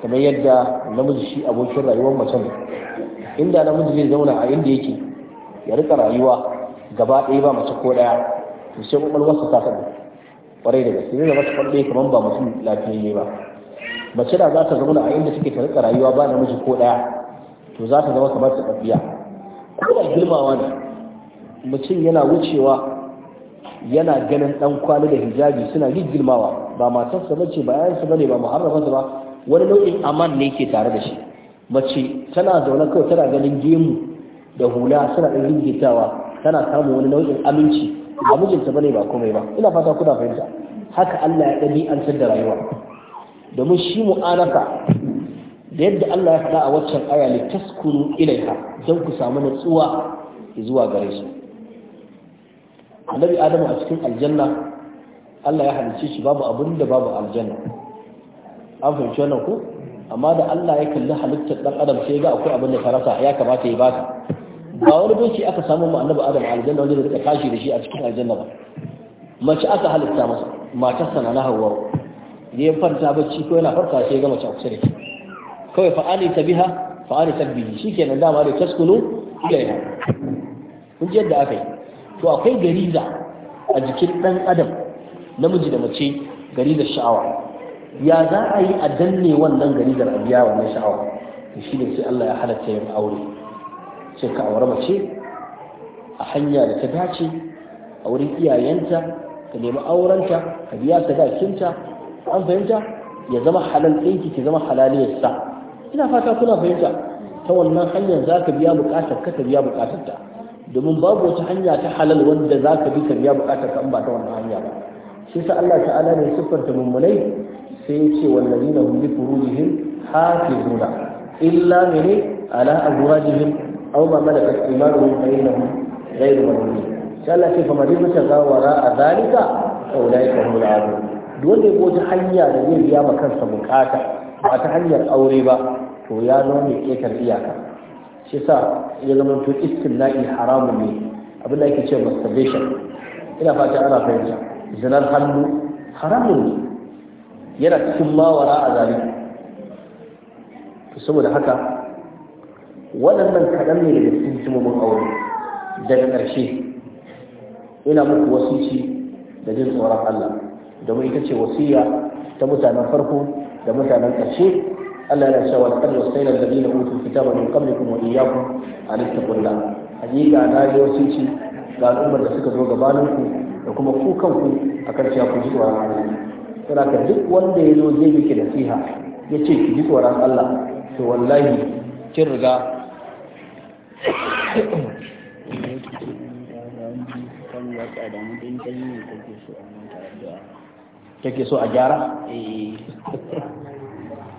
kamar yadda namiji shi abokin rayuwar mace ne inda namiji zai zauna a inda yake ya rika rayuwa gaba ɗaya ba mace ko ɗaya to sai kwakwalwarsa ta sabu kwarai da gaske zai zama ta kwalle kamar ba mutum lafiyayye ba mace da za ta zama a inda suke ta rayuwa ba namiji ko daya to za ta zama kamar ta tafiya ko da girmawa ne mutum yana wucewa yana ganin ɗan kwali da hijabi suna girmawa ba matarsa sa bace ba yayansa ba ne ba muharrafansa ba wani nau'in aman ne ke tare da shi mace tana zaune kawai tana ganin gemu da hula suna ɗan rigitawa tana samun wani nau'in aminci ba mijinta ba ne ba komai ba ina fata kuna fahimta haka Allah ya an da rayuwa domin shi mu'anaka da yadda Allah ya faɗa a waccan aya ne taskunu ilaiha don ku samu natsuwa zuwa gare su annabi adamu a cikin aljanna Allah ya halice shi babu abin da babu aljanna an fahimci wannan ko amma da Allah ya kalli halittar dan adam sai ga akwai abin da ta rasa ya kamata ya baka ba wani doki aka samu mu annabi a aljanna wanda zai tashi da shi a cikin aljanna ba mace aka halitta masa matarsa na hawa da ya kwanta bacci ko yana farka sai ya gama a da ke kawai fa'ali ta biha fa'ali ta bihi shi kenan dama da taskulu ilaiha kun ji yadda aka yi to akwai gariza a jikin ɗan adam namiji da mace garizar sha'awa ya za a yi a danne wannan garizar a biya wannan sha'awa to shi ne sai Allah ya halatta yin aure sai ka aure mace a hanya da ta dace a wurin iyayenta ka nemi aurenta ka biya sadakinta an fahimta ya zama halal ɗinki ki zama halaliyar sa ina fata kuna fahimta ta wannan hanyar za ka biya buƙatar ka ta biya buƙatar ta domin babu wata hanya ta halal wanda za ka bi ka biya buƙatar ka in ba ta wannan hanya ba shi sa Allah ta'ala ne siffanta mummunai sai ya ce wallazina hum li furujihim hafizuna illa mene ala azwajihim أو ما ملكت إيمانهم فإنهم غير ملومين قال في فمن ابتغى وراء ذلك فأولئك هم العادون duk wanda ya wata hanya da zai biya ma kansa bukata ba ta hanyar aure ba to ya zama mai ƙetar iyaka shi sa ya zama to na'i haramun ne abin da ake ce masturbation ina fata ana fahimta zinar hannu haramun ne yana cikin mawara a zalimi saboda haka waɗannan kaɗan ne daga cikin hikimomin aure daga ƙarshe ina muku wasu ci da jin tsoron Allah domin ita ce wasiya ta mutanen farko da mutanen ƙarshe Allah ya cewa kan sai da dina kamle kuma min qablikum a iyyakum an ittaqullah hakika na yi wasici ga al'ummar da suka zo gabanin ku da kuma ku kanku akan cewa ku ji tsoron Allah saboda duk wanda ya zo zai da nasiha ya ce ki ji tsoron Allah to wallahi kin riga kake so a gyara eh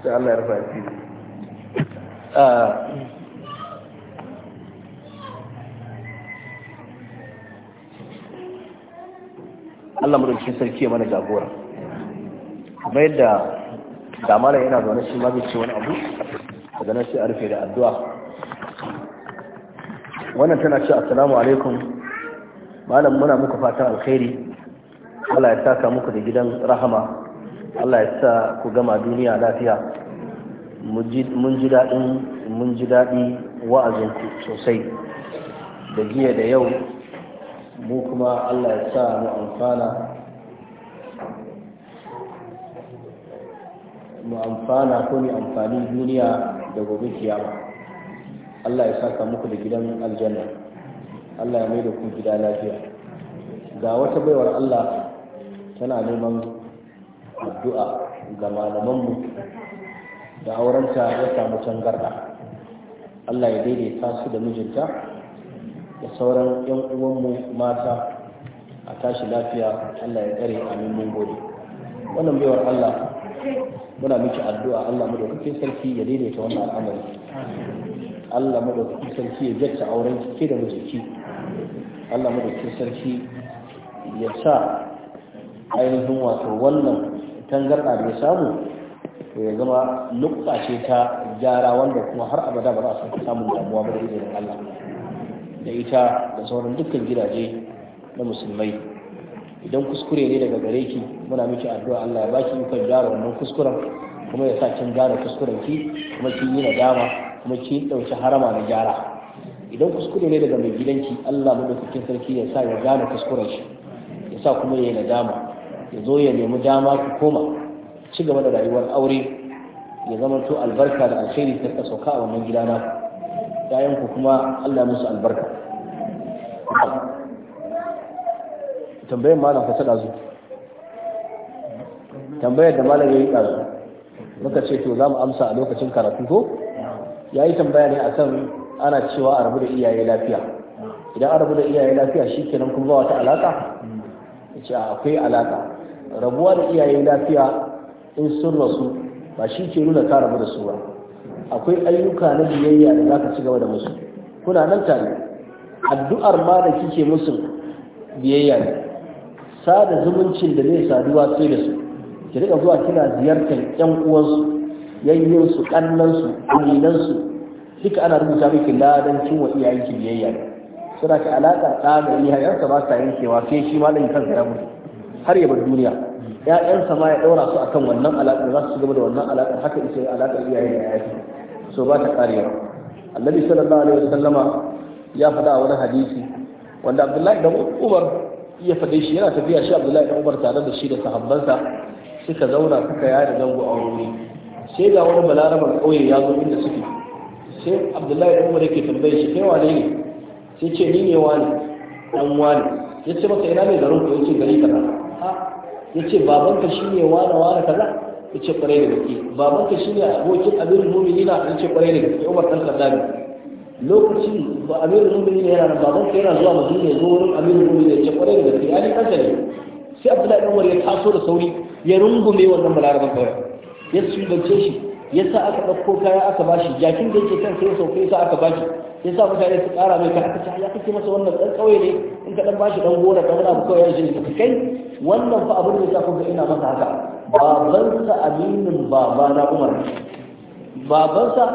sai Allah ya rufa asiri ah. Allah mulkin sarki ya mana jagora Kuma yadda damala yana zaune shi ma zai ce wani abu daga nan sai a rufe da addu'a wannan tana ce assalamu alaikum malam muna muka fatan alkhairi Allah ya saka muku da gidan rahama Allah ya sa ku gama duniya lafiya mun ji daɗin mun ji daɗi wa'azinku sosai da jiya da yau mu kuma Allah ya sa mu amfana mu amfana ko ne amfani duniya da gobe kiyama Allah ya saka muku da gidan aljanna Allah ya mai da ku gida lafiya ga wata baiwar Allah tana neman addu'a ga malamanmu da aurenta ya samu tangarda Allah ya daidaita su da mijinta da sauran 'yan uwanmu mata a tashi lafiya Allah ya tsare amin mun gode wannan baiwar Allah muna miki addu'a Allah madaukakin sarki ya daidaita wannan al'amari Allah madaukakin sarki ya jatta auren ki da mijinki Allah madaukakin sarki ya sa ainihin wato wannan tangarɗa da ya samu to ya zama nukta ce ta gyara wanda kuma har abada ba za a san samun damuwa ba da izinin Allah da ita da sauran dukkan gidaje na musulmai idan kuskure ne daga gare ki muna miki addu'a Allah ya baki ikon gyara wannan kuskuren kuma ya sa kin gyara kuskuren ki kuma kin yi nadama kuma ki dauki harama na gyara idan kuskure ne daga mai gidanki Allah madaukakin sarki ya sa ya gane kuskuren shi ya sa kuma ya yi nadama ya zo ya nemi dama ku koma ci gaba da rayuwar aure ya zama to albarka da alkhairi ta rika sauka a wannan gida na yayan ku kuma Allah musu albarka tambayar malam fa sada dazu tambayar da malam yayi dazu muka ce to za mu amsa a lokacin karatu ko yayi tambaya ne akan ana cewa a rabu da iyaye lafiya idan a rabu da iyaye lafiya shikenan kuma ba wata alaka ce akwai alaka rabuwa da iyaye lafiya in sun rasu ba shi ke nuna ka rabu da su ba akwai ayyuka na biyayya da za ka ci gaba da musu kuna nan tare addu'ar ma da kike musu biyayya ne sada zumuncin da zai saduwa sai da su ki riƙa zuwa kina ziyartar 'yan uwansu su ƙannansu su duka ana rubuta miki ladancin wa ki biyayya ne suna ka alaƙa ɗa da iyayensa ba sa yankewa sai shi malami kansa ya mutu har ya bar duniya 'ya'yansa ma ya ɗaura su akan wannan alaƙar za su gaba da wannan alaƙar haka ita ya alaƙar iyaye da yayi so ba ta karewa annabi sallallahu alaihi wasallama ya faɗa wani hadisi wanda abdullahi dan umar iya faɗe shi yana tafiya shi abdullahi dan umar tare da shi da sahabbansa suka zauna suka yada zango a wuri sai ga wani balarabar ƙauye ya zo inda suke sai abdullahi dan umar yake tambaye shi kai wane ne sai ce ni ne wani dan wani ya ce masa ina ne garin ku yace gari kaza ya ce babanka shi ne wane wane kaza ya ce kwarai da gaske babanka shi ne abokin amirul mu'minina ya ce kwarai da gaske umar dan khattabi lokacin ba amirul mu'minina yana babanka yana zuwa madina ya zo wurin amirul mu'minina ya ce kwarai da gaske ya ni kanta ne sai abdullahi dan umar ya taso da sauri ya rungume wannan balaraban kawai ya dace shi ya sa aka dauko kaya aka bashi jakin da yake kan sai sauke sa aka bashi Yasa sa mutane su kara mai kan aka ya kake masa wannan dan ƙauye ne in ka dan bashi dan gona ka wani abu kawai ya shi ka kai wannan fa abin da ya sa ga ina masa haka babansa aminin baba na umar babansa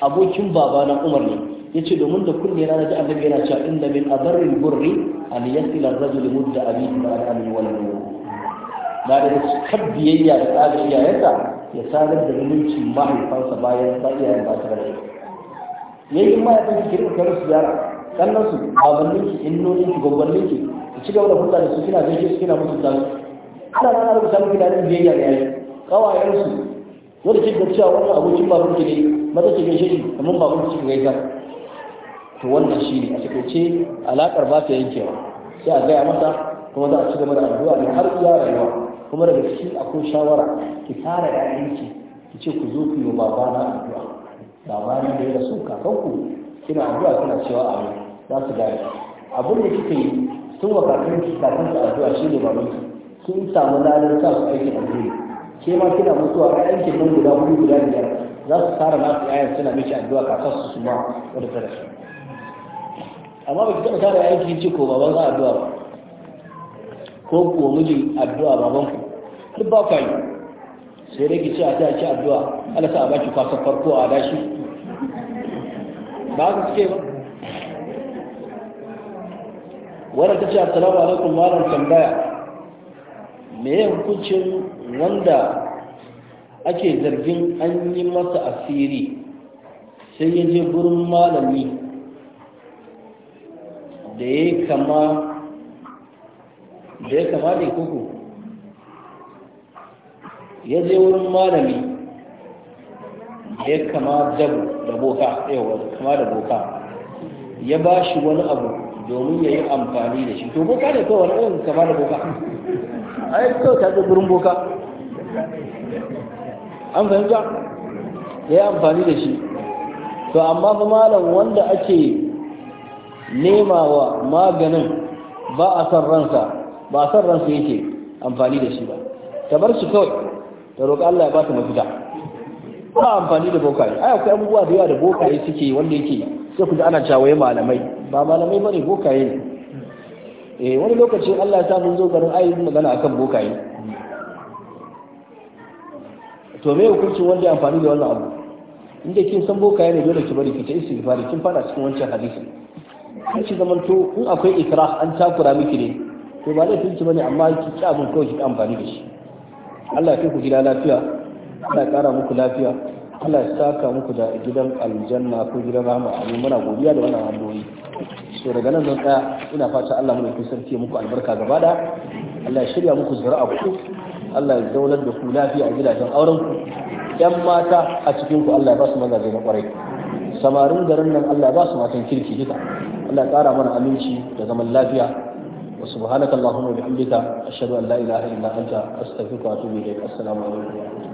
abokin baba na umar ne ya ce domin da kunne na ji annabi yana cewa inda min abarin burri an yasila rajul mudda abi ma an wal na da kabbiyayya da tsarin iyayensa ya sadar da zumunci mahaifansa bayan sa'iyar ba ta da yayin ma ya fi kirkin su yara sannan su babannin ki innonin ki gwaggwannin ki ki ci gaba da hulɗa da su kina zai su kina mutunta su ana nan ana samun miki da biyayya da yayi kawayen su wanda ki da cewa wannan abokin baban ki ne maza ki gaishe shi kamar baban ki ki gaisa to wannan ne a takaice alakar ba ta yankewa sai a gaya mata, kuma za a ci gaba da addu'a ne har iya rayuwa kuma daga cikin akwai shawara ki tara ƴaƴanki ki ce ku zo ku yi wa babana addu'a labarin da yadda sun kakanku suna addu'a suna cewa amin za su gane abin da kika yi sun wa kakanki kakanki addu'a shi ne mamanki sun samu lalar sa su aikin alheri ke ma kina mutuwa a aikin nan guda hudu guda biyar za su fara nasu yayan suna miki addu'a kakan su su ma wadda ta rasu amma ba ki taɓa tara yayan ki ce ko baban za addu'a ba ko kuwa mijin addu'a baban ku duk ba ku yi sai dai ki ce a ta ci addu'a Allah sa a baki kwasan farko a dashi ba haka suke ba wadda ta ce assalamu alaikum malam tambaya me ya hukuncin wanda ake zargin an yi masa asiri sai ya je gurin malami da ya kama da ya kama da ya kuku ya je wurin malami ya kama dabu da boka yawa kama da boka ya ba shi wani abu domin ya yi amfani da shi to boka ne kawai wani abu kama da boka a yi kawai ta gurin boka an fahimta ya yi amfani da shi to amma fa malam wanda ake nema wa maganin ba a san ransa ba a san ransa yake amfani da shi ba ta bar shi kawai ta roƙi Allah ya ba ta mafita ba amfani da bokaye ai akwai abubuwa da yawa da bokaye suke wanda yake sai ku ji ana cawaye malamai ba malamai bane bokaye ne eh wani lokaci Allah ya sa mun zo garin ayi magana akan bokaye to me hukuncin wanda ya amfani da wannan abu inda kin san bokaye ne dole ki bari ki ta istighfari kin fara cikin wancan hadisi kin ci zaman to in akwai ikrah an takura miki ne to ba laifin ki bane amma ki ci abin kawai ki amfani da shi Allah ya kai ku gida lafiya Allah ya kara muku lafiya Allah ya saka muku da gidan aljanna ko gidan rahama amin muna godiya da wannan addu'o'i so daga nan zan tsaya ina fata Allah mu da sarki muku albarka gaba da Allah ya shirya muku zuri'a ku Allah ya zaunar da ku lafiya a gidajen auren ku yan mata a cikin ku Allah ya ba su mazaje na kwarai samarin garin nan Allah ya ba su matan kirki duka Allah ya kara mana aminci da zaman lafiya وسبحانك اللهم وبحمدك أشهد أن لا إله إلا أنت أستغفرك وأتوب إليك السلام عليكم ورحمة الله